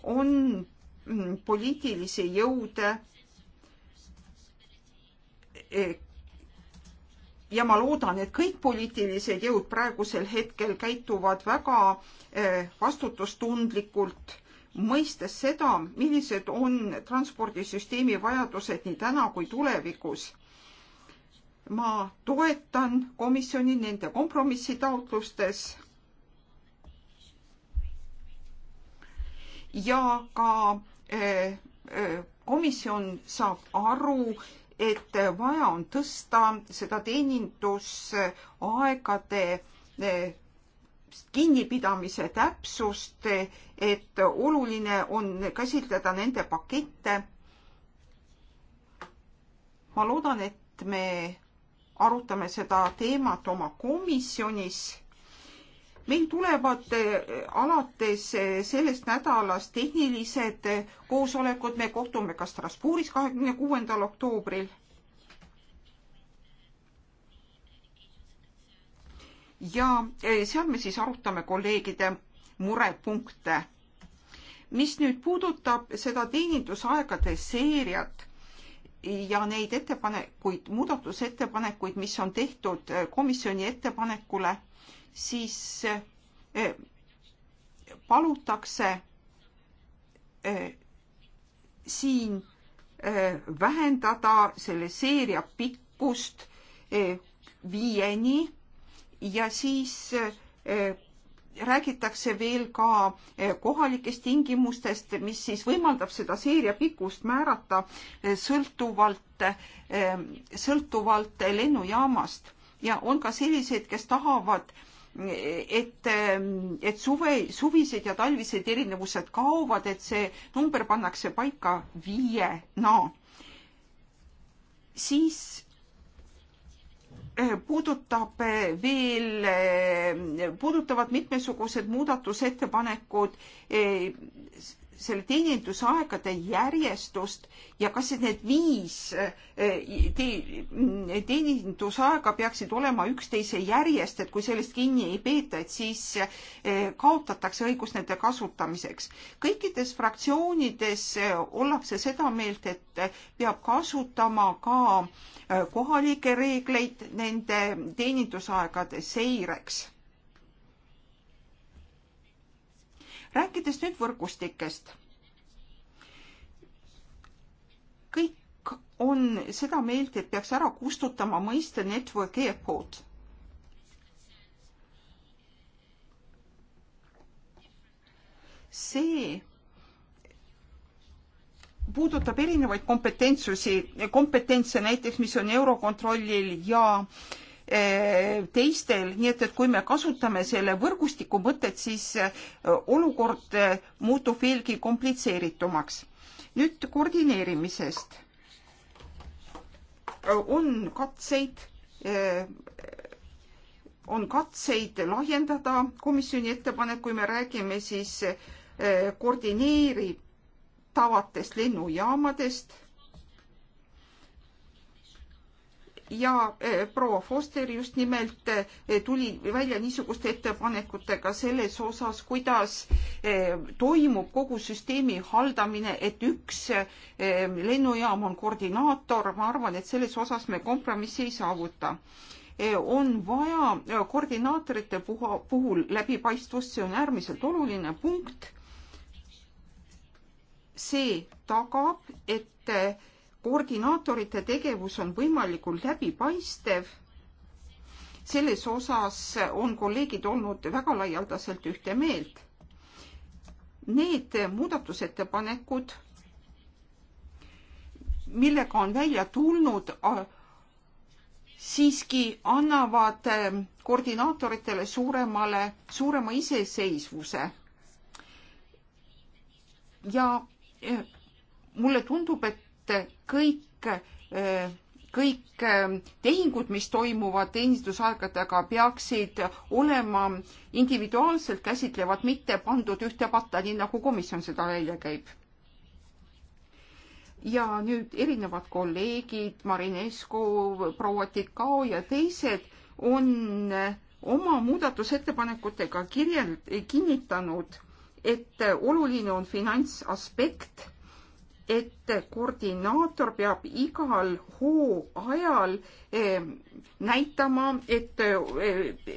on mm, poliitilisi jõude eh, ja ma loodan, et kõik poliitilised jõud praegusel hetkel käituvad väga eh, vastutustundlikult, mõistes seda, millised on transpordisüsteemi vajadused nii täna kui tulevikus. ma toetan komisjoni nende kompromissitaotlustes ja ka eh, eh, komisjon saab aru, et vaja on tõsta seda teenindusaegade eh, kinnipidamise täpsust, et oluline on käsitleda nende pakette. ma loodan, et me arutame seda teemat oma komisjonis meil tulevad eh, alates eh, sellest nädalast tehnilised eh, koosolekud, me kohtume ka Strasbourgis kahekümne kuuendal oktoobril. ja seal me siis arutame kolleegide murepunkte. mis nüüd puudutab seda teenindusaegade seeriat ja neid ettepanekuid, muudatusettepanekuid, mis on tehtud komisjoni ettepanekule siis eh, palutakse eh, siin eh, vähendada selle seeria pikkust viieni ja siis räägitakse veel ka kohalikest tingimustest, mis siis võimaldab seda seeria pikkust määrata sõltuvalt, sõltuvalt lennujaamast ja on ka selliseid, kes tahavad äh, et, ehm, et suve, suvised ja talvised erinevused kaovad, et see number pannakse paika viiena. siis eh, puudutab eh, veel, eh, puudutavad mitmesugused muudatusettepanekud selle teenindusaegade järjestust ja kas need viis äh, teenindusaega peaksid olema üksteise järjest, et kui sellest kinni ei peeta, et siis äh, kaotatakse õigus nende kasutamiseks. kõikides fraktsioonides äh, ollakse seda meelt, et peab kasutama ka kohalikke reegleid nende teenindusaegade seireks rääkides nüüd võrgustikest. kõik on seda meelt, et peaks ära kustutama mõiste network airport see puudutab erinevaid kompetentsusi, kompetentse näiteks, mis on Eurokontrollil ja äh, Eh, teistel, nii et, et kui me kasutame selle võrgustiku mõtet, siis eh, olukord eh, muutub veelgi komplitseeritumaks. nüüd koordineerimisest. on katseid, on katseid lahjendada komisjoni ettepanek, kui me räägime siis koordineeritavatest lennujaamadest ja eh, proua Foster just nimelt eh, tuli välja niisuguste ettepanekutega selles osas, kuidas eh, toimub kogu süsteemi haldamine, et üks lennujaam on koordinaator, ma arvan, et selles osas me kompromissi ei saavuta on vaja koordinaatorite puha, puhul läbipaistvust, see on äärmiselt oluline punkt. see tagab, et koordinaatorite tegevus on võimalikult läbipaistev. selles osas on kolleegid olnud väga laialdaselt ühte meelt. Need muudatusettepanekud, millega on välja tulnud, siiski annavad koordinaatoritele suuremale, suurema iseseisvuse. ja e, mulle tundub, et et kõik, kõik tehingud, mis toimuvad teenistusaegadega, peaksid olema individuaalselt käsitlevad, mitte pandud ühte patta, nii nagu komisjon seda välja käib. ja nüüd erinevad kolleegid, Marinesko, proua Tikao ja teised on oma muudatusettepanekutega kirjel-, kinnitanud, et oluline on finantsaspekt et koordinaator peab igal hooajal eh, näitama, et eh,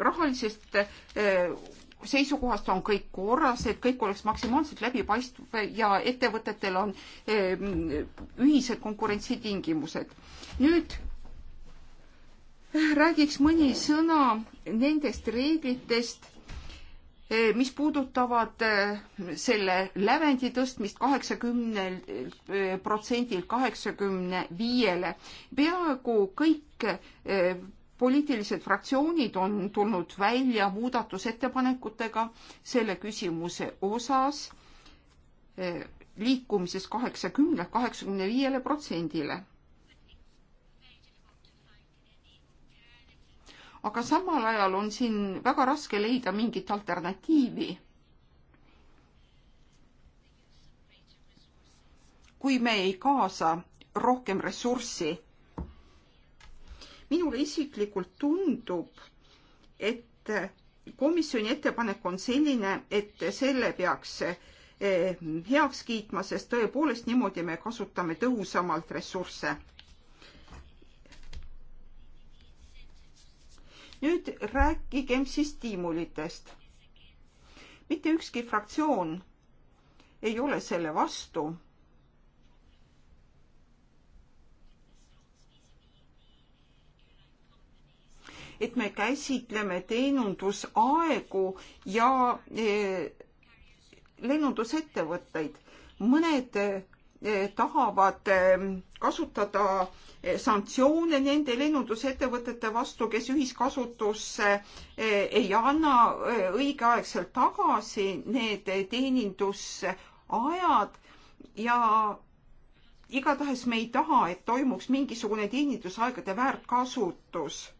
rahalisest eh, seisukohast on kõik korras, et kõik oleks maksimaalselt läbipaistv ja ettevõtetel on ühised konkurentsitingimused. nüüd räägiks mõni sõna nendest reeglitest Eh, mis puudutavad eh, selle lävendi tõstmist kaheksakümnel eh, protsendil kaheksakümne viiele, peaaegu kõik poliitilised fraktsioonid on tulnud välja muudatusettepanekutega selle küsimuse osas liikumises kaheksakümnelt kaheksakümne viiele protsendile aga samal ajal on siin väga raske leida mingit alternatiivi. kui me ei kaasa rohkem ressurssi. minule isiklikult tundub, et komisjoni ettepanek on selline, et selle peaks eh, heaks kiitma, sest tõepoolest niimoodi me kasutame tõhusamalt ressursse nüüd rääkigem siis stiimulitest. mitte ükski fraktsioon ei ole selle vastu. et me käsitleme teenindusaegu ja eh, lennundusettevõtteid. mõned Eh, tahavad eh, kasutada eh, sanktsioone nende lennundusettevõtete vastu, kes ühiskasutusse ei anna õigeaegselt tagasi need teenindusajad ja igatahes me ei taha, et toimuks mingisugune teenindusaegade väärkasutus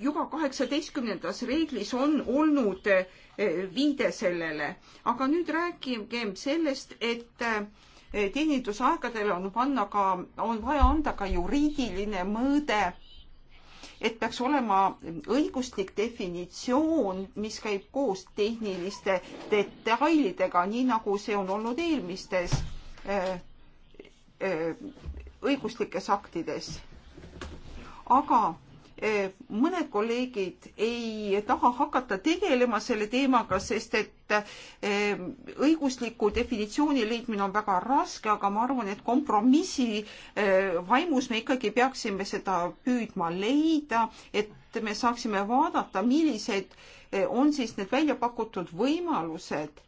juba kaheksateistkümnendas reeglis on olnud eh, viide sellele, aga nüüd rääkigem sellest, et eh, teenindusaegadele on panna ka, on vaja anda ka juriidiline mõõde, et peaks olema õiguslik definitsioon, mis käib koos tehniliste detailidega, nii nagu see on olnud eelmistes eh, õiguslikes aktides. aga Eh, mõned kolleegid ei taha hakata tegelema selle teemaga, sest et eh, õigusliku definitsiooni leidmine on väga raske, aga ma arvan, et kompromissi eh, vaimus me ikkagi peaksime seda püüdma leida, et me saaksime vaadata, millised on siis need välja pakutud võimalused.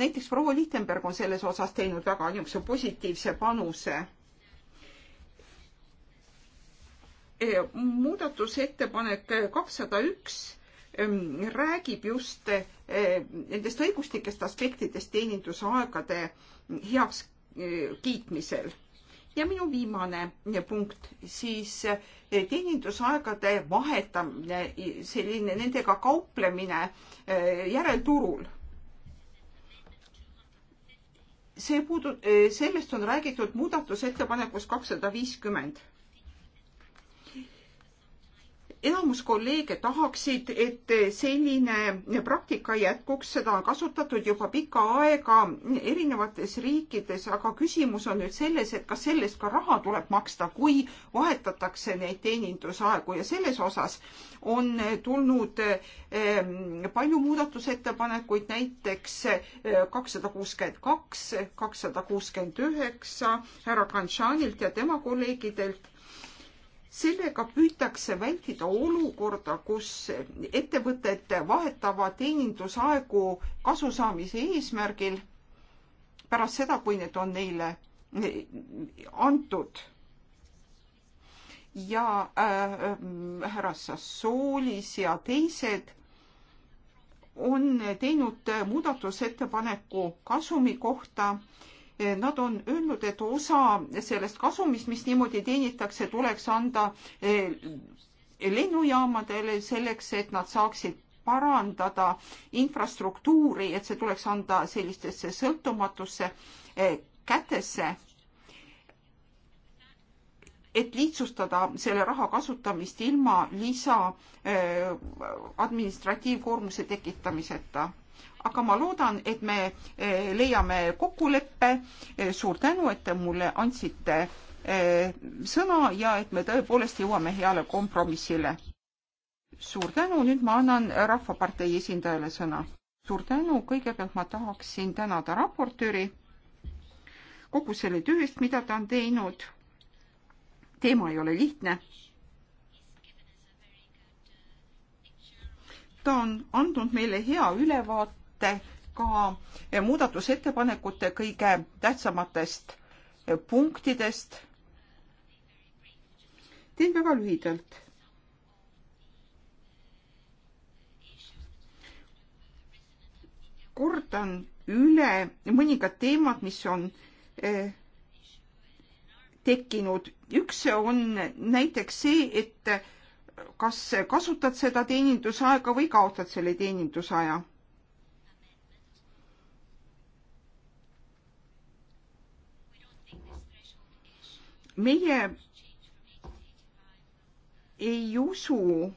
näiteks proua Lichtenberg on selles osas teinud väga niisuguse positiivse panuse muudatusettepanek kakssada üks räägib just e, nendest õiguslikest aspektidest teenindusaegade heaks e, kiitmisel. ja minu viimane e, punkt siis teenindusaegade vahetamine, selline nendega kauplemine järelturul see puudu-, sellest on räägitud muudatusettepanekus kakssada viiskümmend enamus kolleege tahaksid, et selline praktika jätkuks, seda on kasutatud juba pikka aega erinevates riikides, aga küsimus on nüüd selles, et kas sellest ka raha tuleb maksta, kui vahetatakse neid teenindusaegu ja selles osas on tulnud ehm, palju muudatusettepanekuid, näiteks eh, kakssada kuuskümmend kaks, kakssada kuuskümmend üheksa härra Kanšanilt ja tema kolleegidelt sellega püütakse vältida olukorda, kus ettevõtted vahetavad teenindusaegu kasusaamise eesmärgil pärast seda, kui need on neile eh, antud. ja äh, härra äh, Sassoolis ja teised on teinud muudatusettepaneku kasumi kohta Eh, nad on öelnud, et osa sellest kasumist, mis niimoodi teenitakse, tuleks anda eh, lennujaamadele selleks, et nad saaksid parandada infrastruktuuri, et see tuleks anda sellistesse sõltumatusse eh, kätesse, et lihtsustada selle raha kasutamist ilma lisa administratiivkoormuse tekitamiseta aga ma loodan, et me e, leiame kokkuleppe. E, suur tänu, et te mulle andsite e, sõna ja et me tõepoolest jõuame heale kompromissile. suur tänu, nüüd ma annan Rahvapartei esindajale sõna. suur tänu, kõigepealt ma tahaksin tänada raportööri kogu selle töö eest, mida ta on teinud. teema ei ole lihtne. ta on andnud meile hea ülevaate ette ka eh, muudatusettepanekute kõige tähtsamatest eh, punktidest. teen väga lühidalt. kordan üle mõningad teemad, mis on eh, tekkinud. üks on näiteks see, et kas kasutad seda teenindusaega või kaotad selle teenindusaja meie ei usu,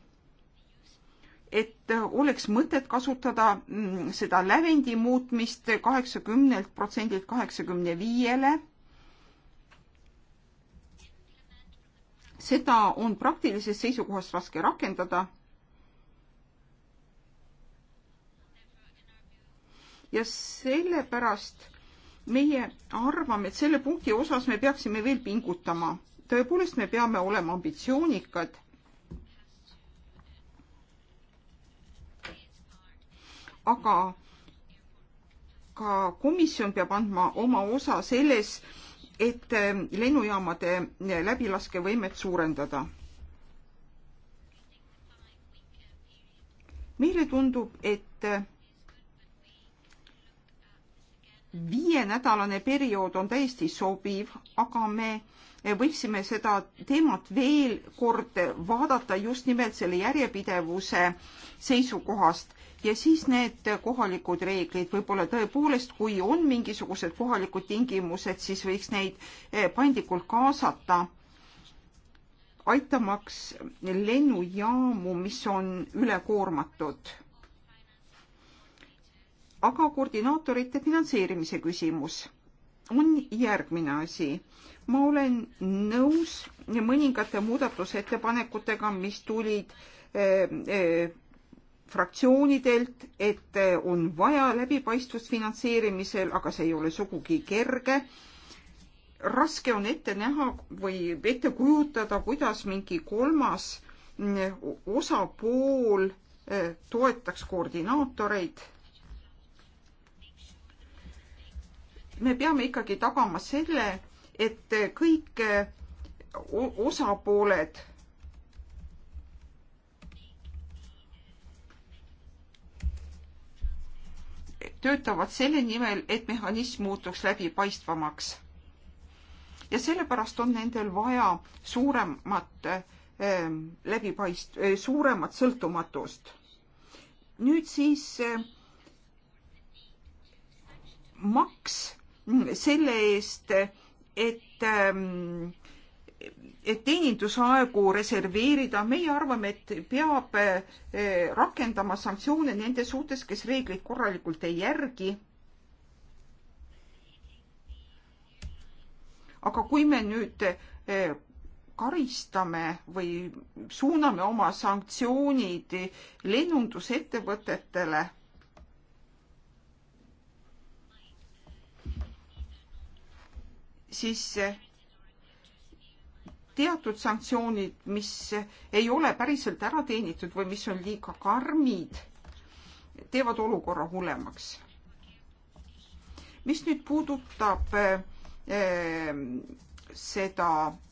et oleks mõtet kasutada mm, seda lävendi muutmist kaheksakümnelt protsendilt kaheksakümne viiele. seda on praktilisest seisukohast raske rakendada. ja sellepärast meie arvame, et selle punkti osas me peaksime veel pingutama. tõepoolest, me peame olema ambitsioonikad. aga ka komisjon peab andma oma osa selles, et eh, lennujaamade eh, läbilaskevõimet suurendada. meile tundub, et eh, viienädalane periood on täiesti sobiv, aga me võiksime seda teemat veel kord vaadata just nimelt selle järjepidevuse seisukohast ja siis need kohalikud reeglid võib-olla tõepoolest, kui on mingisugused kohalikud tingimused, siis võiks neid eh, paindlikult kaasata, aitamaks lennujaamu, mis on ülekoormatud aga koordinaatorite finantseerimise küsimus on järgmine asi. ma olen nõus mõningate muudatusettepanekutega, mis tulid äh, äh, fraktsioonidelt, et eh, on vaja läbipaistvust finantseerimisel, aga see ei ole sugugi kerge. raske on ette näha või ette kujutada, kuidas mingi kolmas mm, osapool toetaks koordinaatoreid me peame ikkagi tagama selle, et kõik osapooled töötavad selle nimel, et mehhanism muutuks läbipaistvamaks. ja sellepärast on nendel vaja suuremat äh, läbipaist- äh,, suuremat sõltumatust. nüüd siis äh, maks selle eest, et ähm, et teenindusaegu reserveerida, meie arvame, et peab äh, rakendama sanktsioone nende suhtes, kes reegleid korralikult ei järgi. aga kui me nüüd äh, karistame või suuname oma sanktsioonid lennundusettevõtetele sisse teatud sanktsioonid, mis ei ole päriselt ära teenitud või mis on liiga karmid, teevad olukorra hullemaks. mis nüüd puudutab äh, seda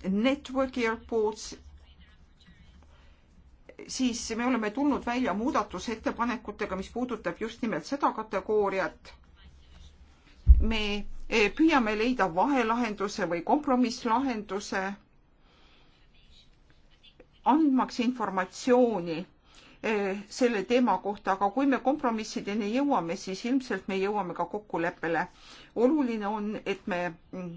network airports, siis me oleme tulnud välja muudatusettepanekutega, mis puudutab just nimelt seda kategooriat. me Eh, püüame leida vahelahenduse või kompromisslahenduse, andmaks informatsiooni eh, selle teema kohta, aga kui me kompromissideni jõuame, siis ilmselt me jõuame ka kokkuleppele. oluline on, et me mm,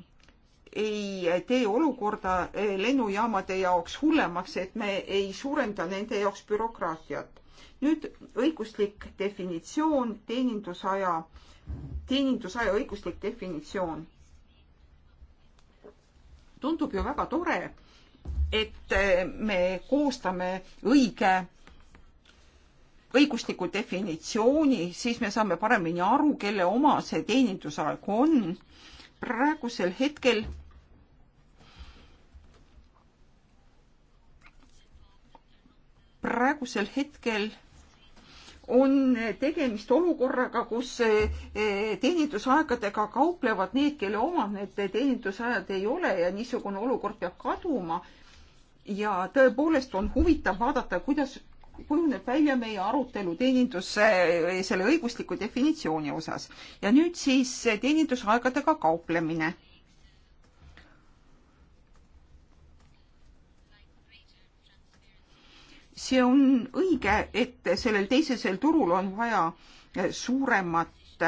ei tee olukorda eh, lennujaamade jaoks hullemaks, et me ei suurenda nende jaoks bürokraatiat nüüd õiguslik definitsioon, teenindusaja, teenindusaja õiguslik definitsioon. tundub ju väga tore, et eh, me koostame õige õigusliku definitsiooni, siis me saame paremini aru, kelle oma see teenindusaeg on. praegusel hetkel praegusel hetkel on tegemist olukorraga, kus eh, teenindusaegadega kauplevad need, kelle omad need teenindusajad ei ole ja niisugune olukord peab kaduma. ja tõepoolest on huvitav vaadata, kuidas kujuneb välja meie arutelu teeninduse, eh, selle õigusliku definitsiooni osas. ja nüüd siis teenindusaegadega kauplemine see on õige, et sellel teisesel turul on vaja suuremat,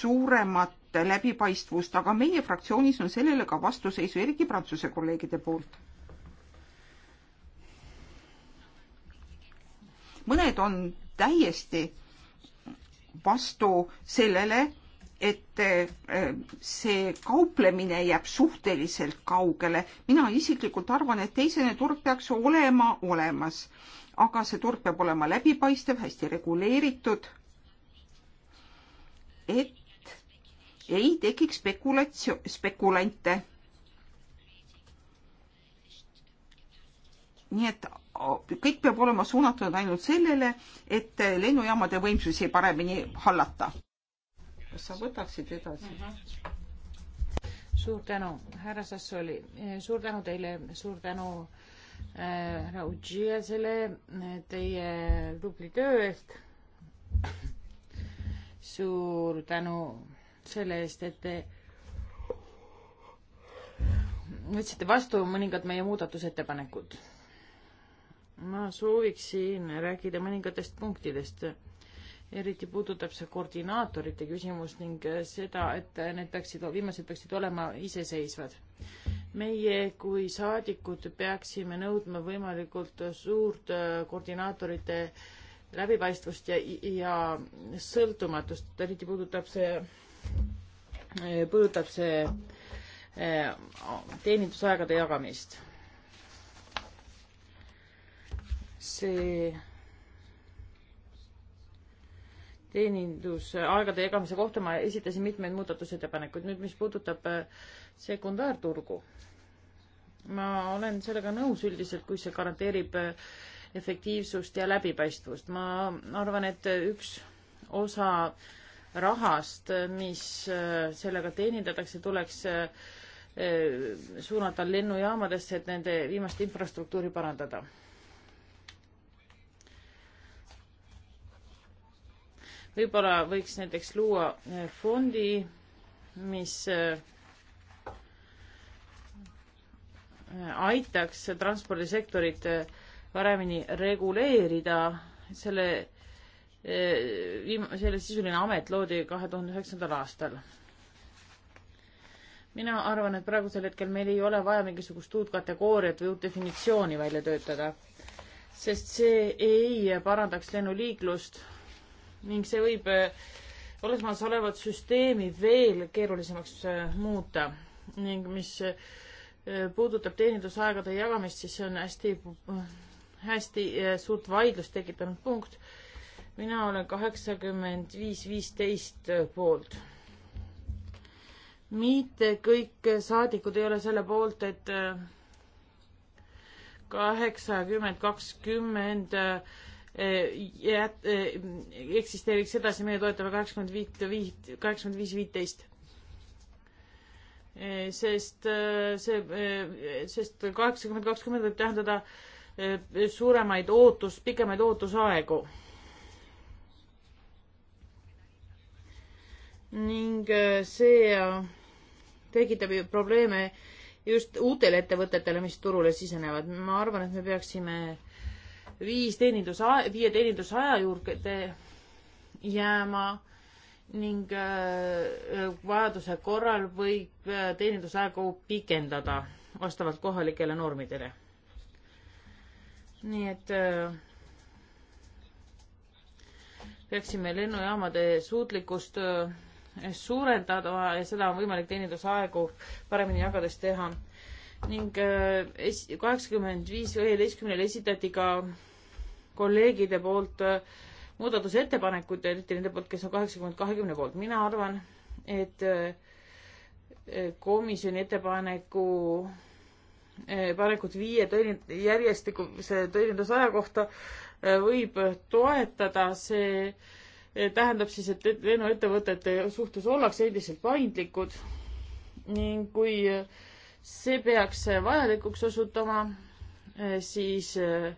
suuremat läbipaistvust, aga meie fraktsioonis on sellele ka vastuseisu, eriti Prantsuse kolleegide poolt. mõned on täiesti vastu sellele, et äh, see kauplemine jääb suhteliselt kaugele. mina isiklikult arvan, et teisene turg peaks olema olemas, aga see turg peab olema läbipaistev, hästi reguleeritud, et ei tekiks spekulatsioon, spekulante. nii et kõik peab olema suunatud ainult sellele, et lennujaamade võimsusi paremini hallata kas sa võtaksid edasi mm? -hmm. suur tänu, härra Sassoli, eh, suur tänu teile, suur tänu eh, härra äh, Udžija selle eh, teie tubli töö eest. suur tänu selle eest, et te võtsite vastu mõningad meie muudatusettepanekud. ma sooviksin rääkida mõningatest punktidest eriti puudutab see koordinaatorite küsimust ning äh, seda, et äh, need peaksid, viimased peaksid olema iseseisvad. meie kui saadikud peaksime nõudma võimalikult suurt äh, koordinaatorite läbipaistvust ja, ja sõltumatust, eriti puudutab see, puudutab see teenindusaegade jagamist. see teenindusaegade jagamise kohta ma esitasin mitmeid muudatusettepanekuid. nüüd, mis puudutab äh, sekundaarturgu, ma olen sellega nõus üldiselt, kui see garanteerib äh, efektiivsust ja läbipaistvust. ma arvan, et üks osa rahast, mis äh, sellega teenindatakse, tuleks suunata lennujaamadesse, et nende viimast infrastruktuuri parandada võib-olla võiks näiteks luua eh, fondi, mis eh, eh, aitaks transpordisektorit paremini reguleerida. selle, selle sisuline amet loodi kahe tuhande üheksandal aastal. mina arvan, et praegusel hetkel meil ei ole vaja mingisugust uut kategooriat või uut definitsiooni välja töötada, sest see ei parandaks lennuliiklust ning see võib äh, olemasolevat süsteemi veel keerulisemaks äh, muuta ning mis äh, puudutab teenindusaegade jagamist, siis see on hästi, hästi suurt vaidlust tekitanud punkt. mina olen kaheksakümmend viis, viisteist poolt. mitte kõik saadikud ei ole selle poolt, et kaheksakümmend, kakskümmend Eh, jät-, eh, eksisteeriks edasi, meie toetame kaheksakümmend viit, viit, kaheksakümmend viis, viiteist. Eh, sest see, sest kaheksakümmend kakskümmend võib tähendada suuremaid ootus, pikemaid ootusaegu. ning see tekitab ju probleeme just uutele ettevõtetele, mis turule sisenevad. ma arvan, et me peaksime äh, viis teenindusaja, viie teenindusaja juurde jääma ning äh, vajaduse korral võib äh, teenindusaegu pikendada vastavalt kohalikele normidele. nii et äh, peaksime lennujaamade suutlikkust suurendada ja seda on võimalik teenindusaegu paremini jagades teha ning kaheksakümmend viis üheteistkümnele esitati ka kolleegide poolt äh, muudatusettepanekud, eriti nende poolt, kes on kaheksakümmend kahekümne poolt. mina arvan, et äh, äh, komisjoni ettepaneku, panekut viie tõlin-, järjestikuse tõljendusaja kohta võib toetada, see tähendab siis, et lennuettevõtete suhtes ollakse endiselt paindlikud ning kui see peaks vajalikuks osutama, siis äh,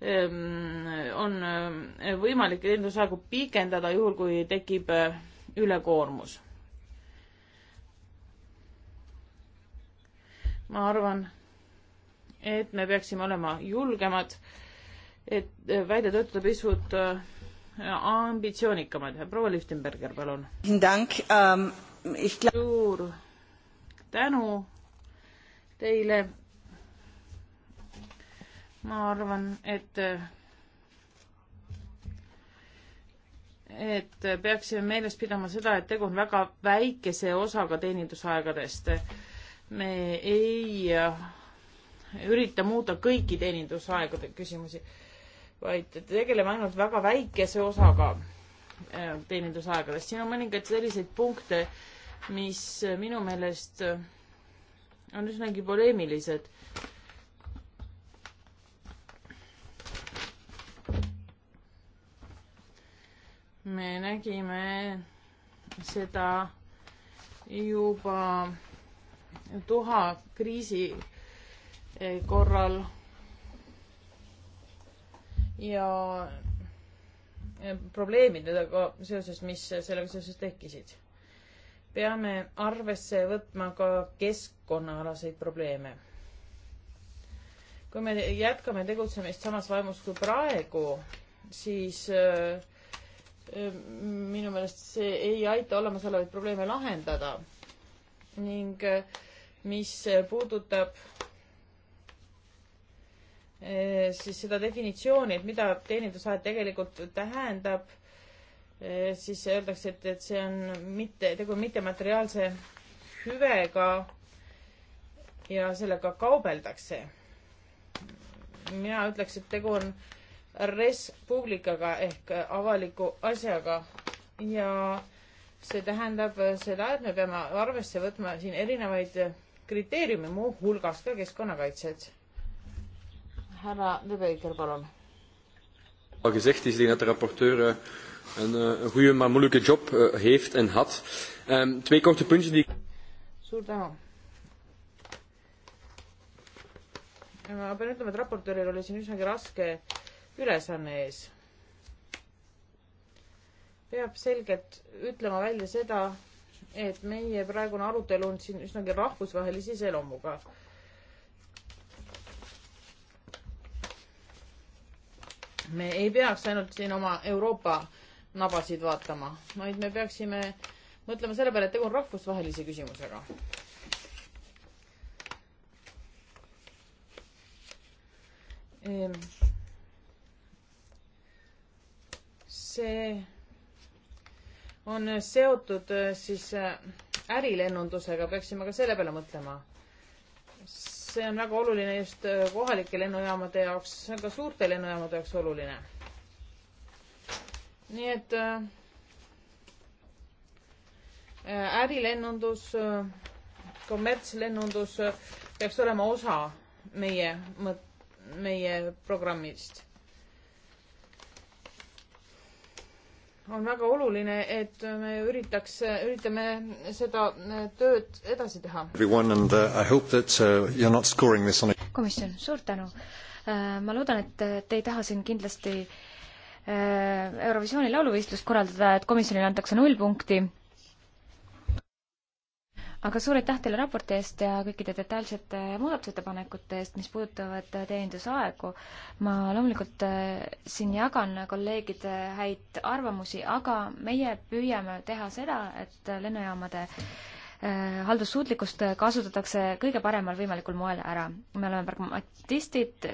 Ehm, on ehm, võimalik lendusaegu pikendada juhul, kui tekib äh, ülekoormus. ma arvan, et me peaksime olema julgemad, et äh, välja töötada pisut äh, ambitsioonikamad. proua Liftenberger, palun. Ähm, suur tänu teile ma arvan, et et peaksime meeles pidama seda, et tegu on väga väikese osaga teenindusaegadest. me ei äh, ürita muuta kõiki teenindusaegade küsimusi, vaid tegeleme ainult väga väikese osaga äh, teenindusaegadest. siin on mõningaid selliseid punkte, mis minu meelest äh, on üsnagi poleemilised me nägime seda juba tuha kriisi eh, korral ja eh, probleemidega seoses, mis sellega seoses tekkisid. peame arvesse võtma ka keskkonnaalaseid probleeme. kui me jätkame tegutsemist samas vaimus kui praegu, siis äh, Ehm, minu meelest see ei aita olemasolevaid probleeme lahendada. ning eh, mis puudutab eh, siis seda definitsiooni, et mida teenindusaed tegelikult tähendab, eh, siis öeldakse, et, et see on mitte, tegu on mittemateriaalse hüvega ja sellega kaubeldakse. mina ütleks, et tegu on äh, res publicaga ehk avaliku asjaga ja see tähendab seda, et me peame arvesse võtma siin erinevaid kriteeriume, muuhulgas ka keskkonnakaitset. härra De Beiker, palun. al gezegd is, dat de rapporteur eh, een, een eh, goede maar moeilijke job eh, heeft en had. Um, twee korte puntjes die. suur tänu. ma pean ütlema, et raportööril oli siin üsnagi raske ülesanne ees. peab selgelt ütlema välja seda, et meie praegune arutelu on siin üsnagi rahvusvahelise iseloomuga. me ei peaks ainult siin oma Euroopa nabasid vaatama, vaid me peaksime mõtlema selle peale, et tegu on rahvusvahelise küsimusega. Ehm, see on seotud äh, siis äh, ärilennundusega, peaksime ka selle peale mõtlema. see on väga oluline just äh, kohalike lennujaamade jaoks, see on ka suurte lennujaamade jaoks oluline. nii et ärilennundus, kommertslennundus peaks olema osa meie, meie programmist on väga oluline, et me üritaks, üritame seda tööd edasi teha. Uh, uh, komisjon, suur tänu. Äh, ma loodan, et te ei taha siin kindlasti äh, Eurovisiooni lauluvõistlust korraldada, et komisjonile antakse null punkti aga suur aitäh teile raporti eest ja kõikide detailsete muudatusettepanekute eest, mis puudutavad teenindusaegu. ma loomulikult äh, siin jagan kolleegide häid arvamusi, aga meie püüame teha seda, et lennujaamade äh, haldussuutlikkust kasutatakse kõige paremal võimalikul moel ära. me oleme pragmatistid,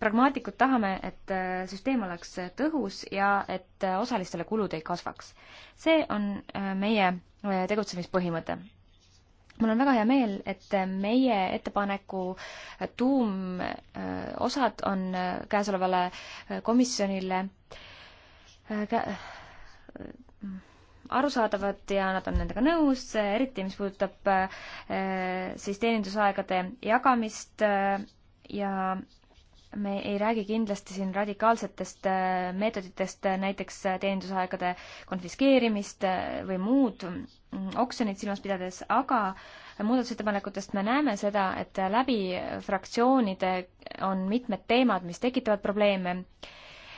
pragmaatikud tahame, et äh, süsteem oleks tõhus ja et osalistele kulud ei kasvaks. see on meie tegutsemispõhimõte mul on väga hea meel, et meie ettepaneku tuumosad äh, on äh, käesolevale äh, komisjonile arusaadavad ja nad on nendega nõus, eriti mis puudutab siis teenindusaegade jagamist ja me ei räägi kindlasti siin radikaalsetest meetoditest, näiteks teenindusaegade konfiskeerimist või muud Mm, oksjonit silmas pidades, aga muudatusettepanekutest me näeme seda, et läbi fraktsioonide on mitmed teemad, mis tekitavad probleeme,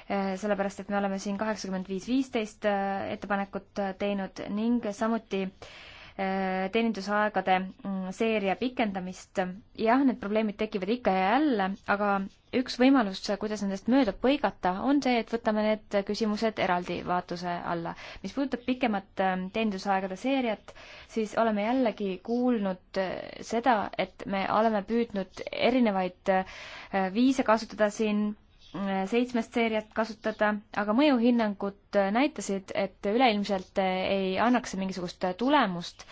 eh, sellepärast et me oleme siin kaheksakümmend viis viisteist eh, ettepanekut eh, teinud ning samuti äh, teenindusaegade mm, seeria pikendamist. jah, need probleemid tekivad ikka ja jälle, aga üks võimalus, kuidas nendest mööda põigata, on see, et võtame need küsimused eraldi vaatuse alla. mis puudutab pikemat ähm, teenindusaegade seeriat, siis oleme jällegi kuulnud äh, seda, et me oleme püüdnud erinevaid äh, viise kasutada siin seitsmest seeriat kasutada, aga mõjuhinnangud näitasid, et üleilmselt ei annaks see mingisugust tulemust.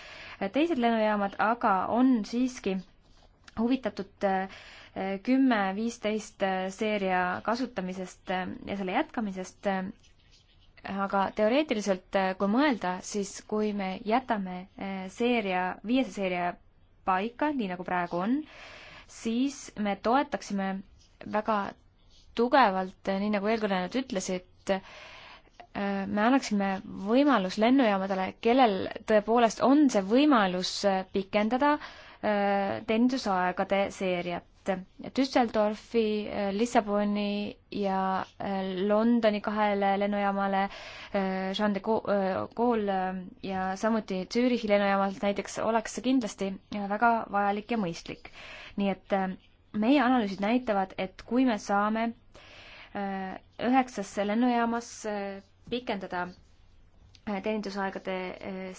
teised lennujaamad aga on siiski huvitatud eh, kümme, viisteist seeria kasutamisest eh, ja selle jätkamisest. aga teoreetiliselt, eh, kui mõelda, siis kui me jätame seeria, viiese seeria paika, nii nagu praegu on, siis me toetaksime väga tugevalt, eh, nii nagu eelkõnelejad ütlesid, eh, me annaksime võimalus lennujaamadele, kellel tõepoolest on see võimalus eh, pikendada teenindusaegade seeriat. Düsseldorfi, Lissaboni ja Londoni kahele lennujaamale, Jean de Gaulle ja samuti Zürichi lennujaamalt näiteks oleks see kindlasti väga vajalik ja mõistlik. nii et meie analüüsid näitavad, et kui me saame Äh, üheksasse lennujaamas äh, pikendada äh, teenindusaegade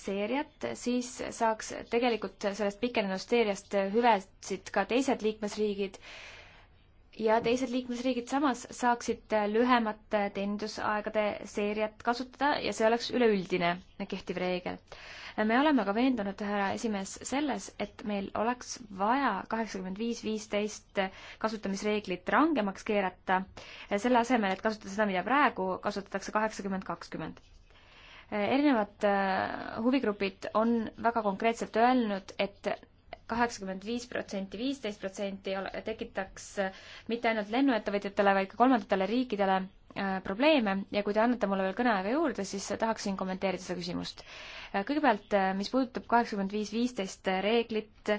seeriat, siis saaks tegelikult sellest pikenenud seeriast hüvesid ka teised liikmesriigid ja teised liikmesriigid samas saaksid lühemat teenindusaegade seeriat kasutada ja see oleks üleüldine kehtiv reegel. me oleme ka veendunud, härra esimees, selles, et meil oleks vaja kaheksakümmend viis viisteist kasutamisreeglit rangemaks keerata, selle asemel, et kasutada seda, mida praegu kasutatakse kaheksakümmend kakskümmend erinevad huvigrupid on väga konkreetselt öelnud, et kaheksakümmend viis protsenti, viisteist protsenti tekitaks äh, mitte ainult lennuettevõtjatele, vaid ka kolmandatele riikidele äh, probleeme ja kui te annate mulle veel kõneaega juurde, siis äh, tahaksin kommenteerida seda küsimust. kõigepealt, mis puudutab kaheksakümmend viis, viisteist reeglit,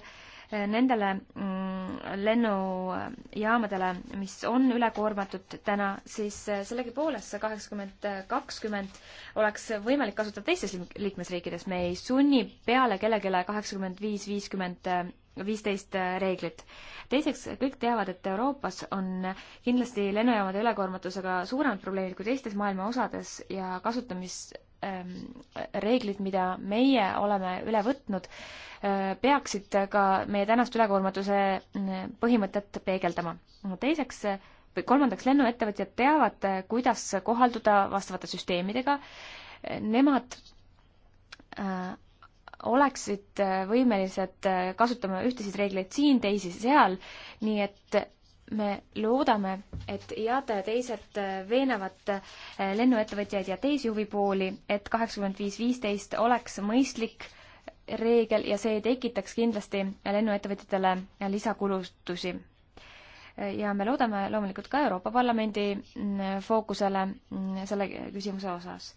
Eh, nendele mm, lennujaamadele, mis on ülekoormatud täna, siis eh, sellegipoolest see kaheksakümmend eh, kakskümmend oleks võimalik kasutada teistes liikmesriikides, me ei sunni peale kellelegi kaheksakümmend viis, viiskümmend viisteist reeglit. teiseks, kõik teavad, et Euroopas on kindlasti lennujaamade ülekoormatusega suuremad probleemid kui teistes maailma osades ja kasutamis, Ähm, reeglid, mida meie oleme üle võtnud, äh, peaksid ka meie tänast ülekoormatuse mm, põhimõtet peegeldama. teiseks äh, või kolmandaks, lennuettevõtjad teavad, äh, kuidas kohalduda vastavate süsteemidega. Nemad oleksid võimelised kasutama ühtesid reegleid siin, teisi seal, nii et me loodame, et IATA ja teised veenavad eh, lennuettevõtjaid ja teisi huvipooli, et kaheksakümmend viis viisteist oleks mõistlik reegel ja see ei tekitaks kindlasti lennuettevõtjatele lisakulutusi. Eh, ja me loodame loomulikult ka Euroopa Parlamendi mm, fookusele mm, selle küsimuse osas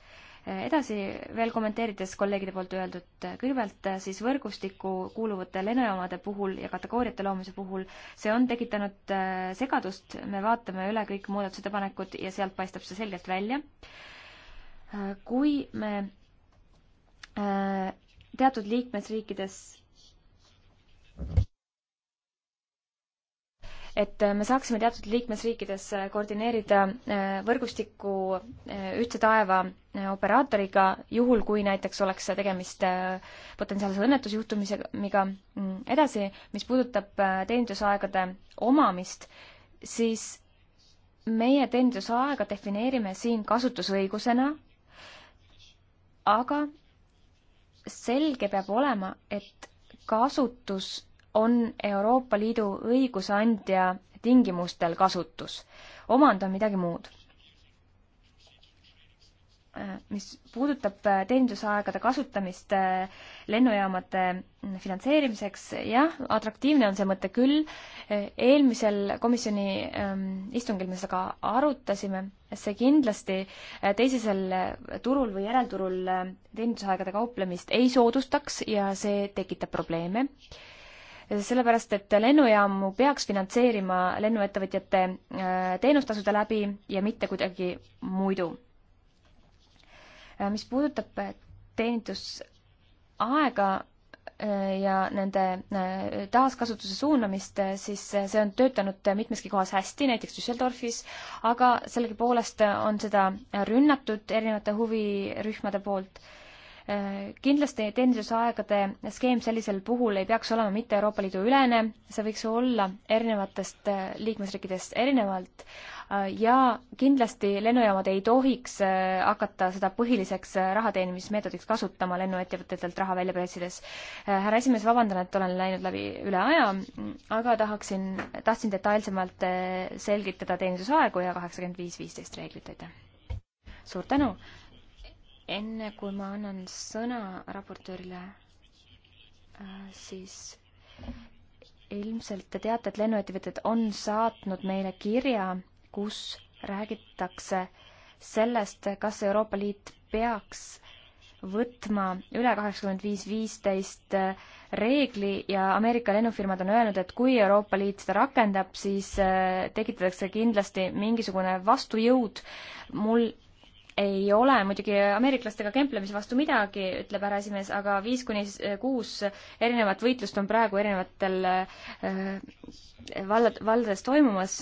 edasi veel kommenteerides kolleegide poolt öeldut, kõigepealt äh, siis võrgustikku kuuluvate lennujaamade puhul ja kategooriate loomise puhul, see on tekitanud äh, segadust, me vaatame üle kõik muudatusettepanekud ja sealt paistab see selgelt välja. Äh, kui me teatud liikmesriikides et äh, me saaksime teatud liikmesriikides äh, koordineerida äh, võrgustiku Ühtse Taeva operaatoriga, juhul kui näiteks oleks tegemist potentsiaalse õnnetusjuhtumiga mm, edasi, mis puudutab teenindusaegade omamist, siis meie teenindusaega defineerime siin kasutusõigusena, aga selge peab olema, et kasutus on Euroopa Liidu õigusandja tingimustel kasutus. omand on midagi muud. Äh, mis puudutab äh, teenindusaegade kasutamist äh, lennujaamade mm, finantseerimiseks, jah, atraktiivne on see mõte küll. eelmisel komisjoni ähm, istungil me seda ka arutasime, see kindlasti teisesel turul või järelturul teenindusaegade kauplemist ei soodustaks ja see tekitab probleeme sellepärast, et lennujaamu peaks finantseerima lennuettevõtjate äh, teenustasude läbi ja mitte kuidagi muidu. Äh, mis puudutab teenindusaega, äh, ja nende taaskasutuse suunamist, siis see on töötanud mitmeski kohas hästi, näiteks Düsseldorfis, aga sellegipoolest on seda rünnatud erinevate huvirühmade poolt kindlasti teenistusaegade skeem sellisel puhul ei peaks olema mitte Euroopa Liidu ülene, see võiks olla erinevatest äh, liikmesriikidest erinevalt äh, ja kindlasti lennujaamad ei tohiks äh, hakata seda põhiliseks raha teenimismeetodiks kasutama lennuettevõtetelt raha välja pressides. härra esimees, vabandan, et olen läinud läbi üle aja, aga tahaksin, tahtsin detailsemalt selgitada teenindusaegu ja kaheksakümmend viis viisteist reeglit, aitäh! suur tänu! enne kui ma annan sõna raportöörile, äh, siis ilmselt te teate, et lennuettevõtted on saatnud meile kirja, kus räägitakse sellest, kas Euroopa Liit peaks võtma üle kaheksakümmend viis viisteist äh, reegli ja Ameerika lennufirmad on öelnud, et kui Euroopa Liit seda rakendab, siis äh, tekitatakse kindlasti mingisugune vastujõud. mul ei ole muidugi ameeriklastega kemplemise vastu midagi, ütleb härrasimees, aga viis kuni kuus erinevat võitlust on praegu erinevatel äh, vallad, valdades toimumas.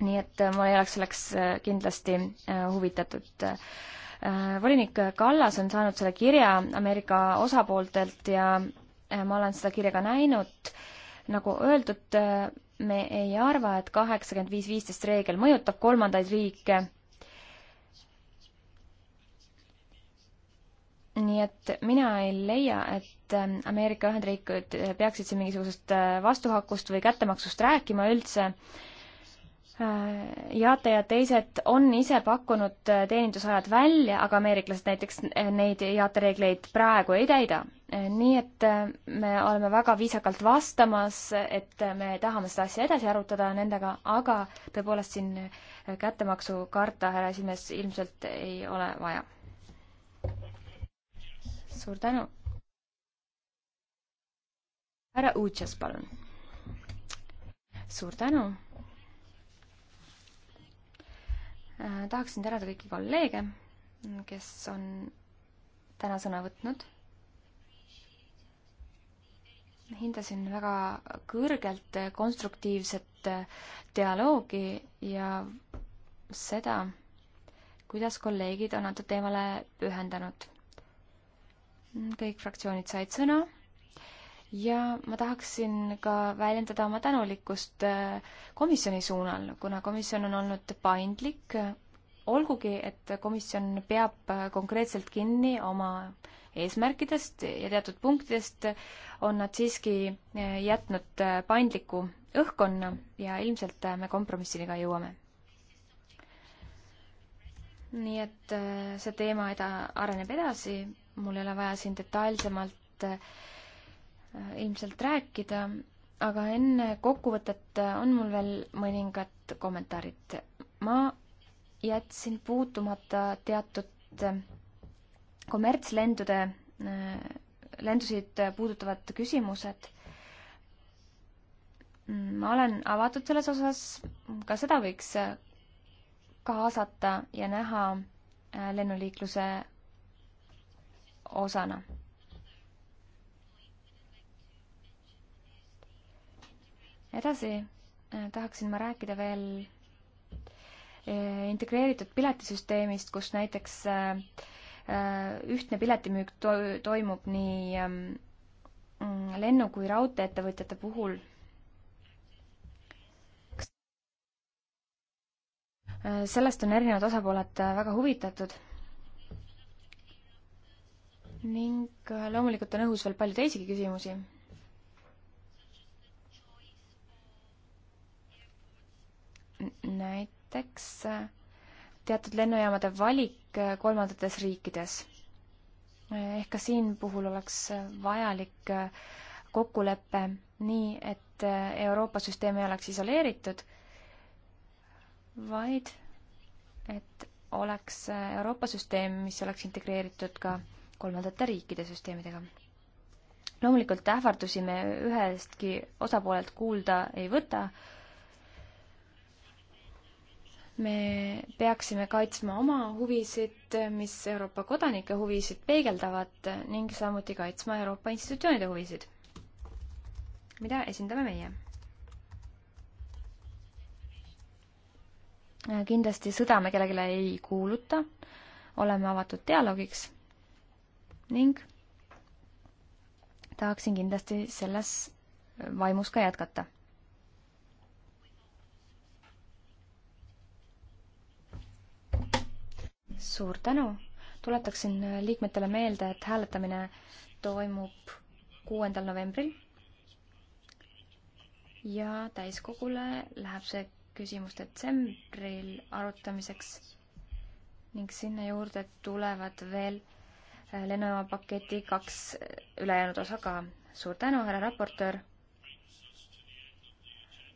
nii et ma ei oleks selleks äh, kindlasti äh, huvitatud. volinik Kallas on saanud selle kirja Ameerika osapooltelt ja ma olen seda kirja ka näinud. nagu öeldud, me ei arva, et kaheksakümmend viis viisteist reegel mõjutab kolmandaid riike nii et mina ei leia, et ähm, Ameerika Ühendriikud peaksid siin mingisugusest äh, vastuhakust või kättemaksust rääkima üldse. Äh, jate ja teised on ise pakkunud äh, teenindusajad välja, aga ameeriklased näiteks neid jate reegleid praegu ei täida. nii et me oleme väga viisakalt vastamas, et me tahame seda asja edasi arutada nendega, aga tõepoolest siin kättemaksu karta, härra esimees, ilmselt ei ole vaja suur tänu. härra Uutšas, palun. suur tänu. Äh, tahaksin tänada kõiki kolleege, kes on täna sõna võtnud. hindasin väga kõrgelt konstruktiivset dialoogi ja seda, kuidas kolleegid on antud teemale pühendanud kõik fraktsioonid said sõna ja ma tahaksin ka väljendada oma tänulikkust äh, komisjoni suunal, kuna komisjon on olnud paindlik, olgugi et komisjon peab äh, konkreetselt kinni oma eesmärkidest ja teatud punktidest, on nad siiski äh, jätnud paindliku õhkkonna ja ilmselt me kompromissini ka jõuame. nii et see teema eda-, areneb edasi mul ei ole vaja siin detailsemalt äh, ilmselt rääkida, aga enne kokkuvõtet äh, on mul veel mõningad kommentaarid. ma jätsin puutumata teatud äh, kommertslendude, lendusid puudutavad küsimused. Mm, ma olen avatud selles osas, ka seda võiks kaasata ja näha lennuliikluse osana. edasi äh, tahaksin ma rääkida veel äh, integreeritud piletisüsteemist, kus näiteks äh, ühtne piletimüük to toimub nii ähm, mm, lennu- kui raudteeettevõtjate puhul. sellest on erinevad osapooled väga huvitatud ning äh, loomulikult on õhus veel palju teisigi küsimusi. näiteks äh, teatud lennujaamade valik äh, kolmandates riikides. ehk ka siin puhul oleks vajalik kokkulepe nii, et Euroopa süsteem ei oleks isoleeritud, vaid et oleks Euroopa süsteem, mis oleks integreeritud ka äh, kolmandate riikide süsteemidega. loomulikult ähvardusi me ühestki osapoolelt kuulda ei võta. me peaksime kaitsma oma huvisid, mis Euroopa kodanike huvisid peegeldavad ning samuti kaitsma Euroopa institutsioonide huvisid, mida esindame meie kindlasti sõda me kellelegi ei kuuluta, oleme avatud dialoogiks ning tahaksin kindlasti selles vaimus ka jätkata. suur tänu, tuletaksin liikmetele meelde, et hääletamine toimub kuuendal novembril ja täiskogule läheb see küsimus detsembril arutamiseks ning sinna juurde tulevad veel lennupaketi kaks ülejäänud osa ka. suur tänu, härra raportöör!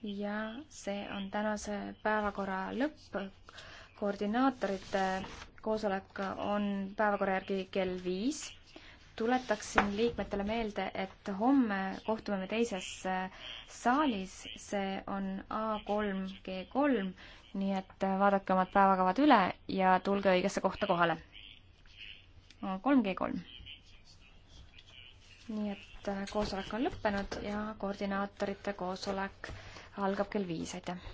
ja see on tänase päevakorra lõpp. koordinaatorite koosolek on päevakorra järgi kell viis. tuletaksin liikmetele meelde, et homme kohtume me teises saalis, see on A3G3, nii et vaadake omad päevakavad üle ja tulge õigesse kohta kohale kolm G kolm. nii et äh, koosolek on lõppenud ja koordinaatorite koosolek algab kell viis, aitäh!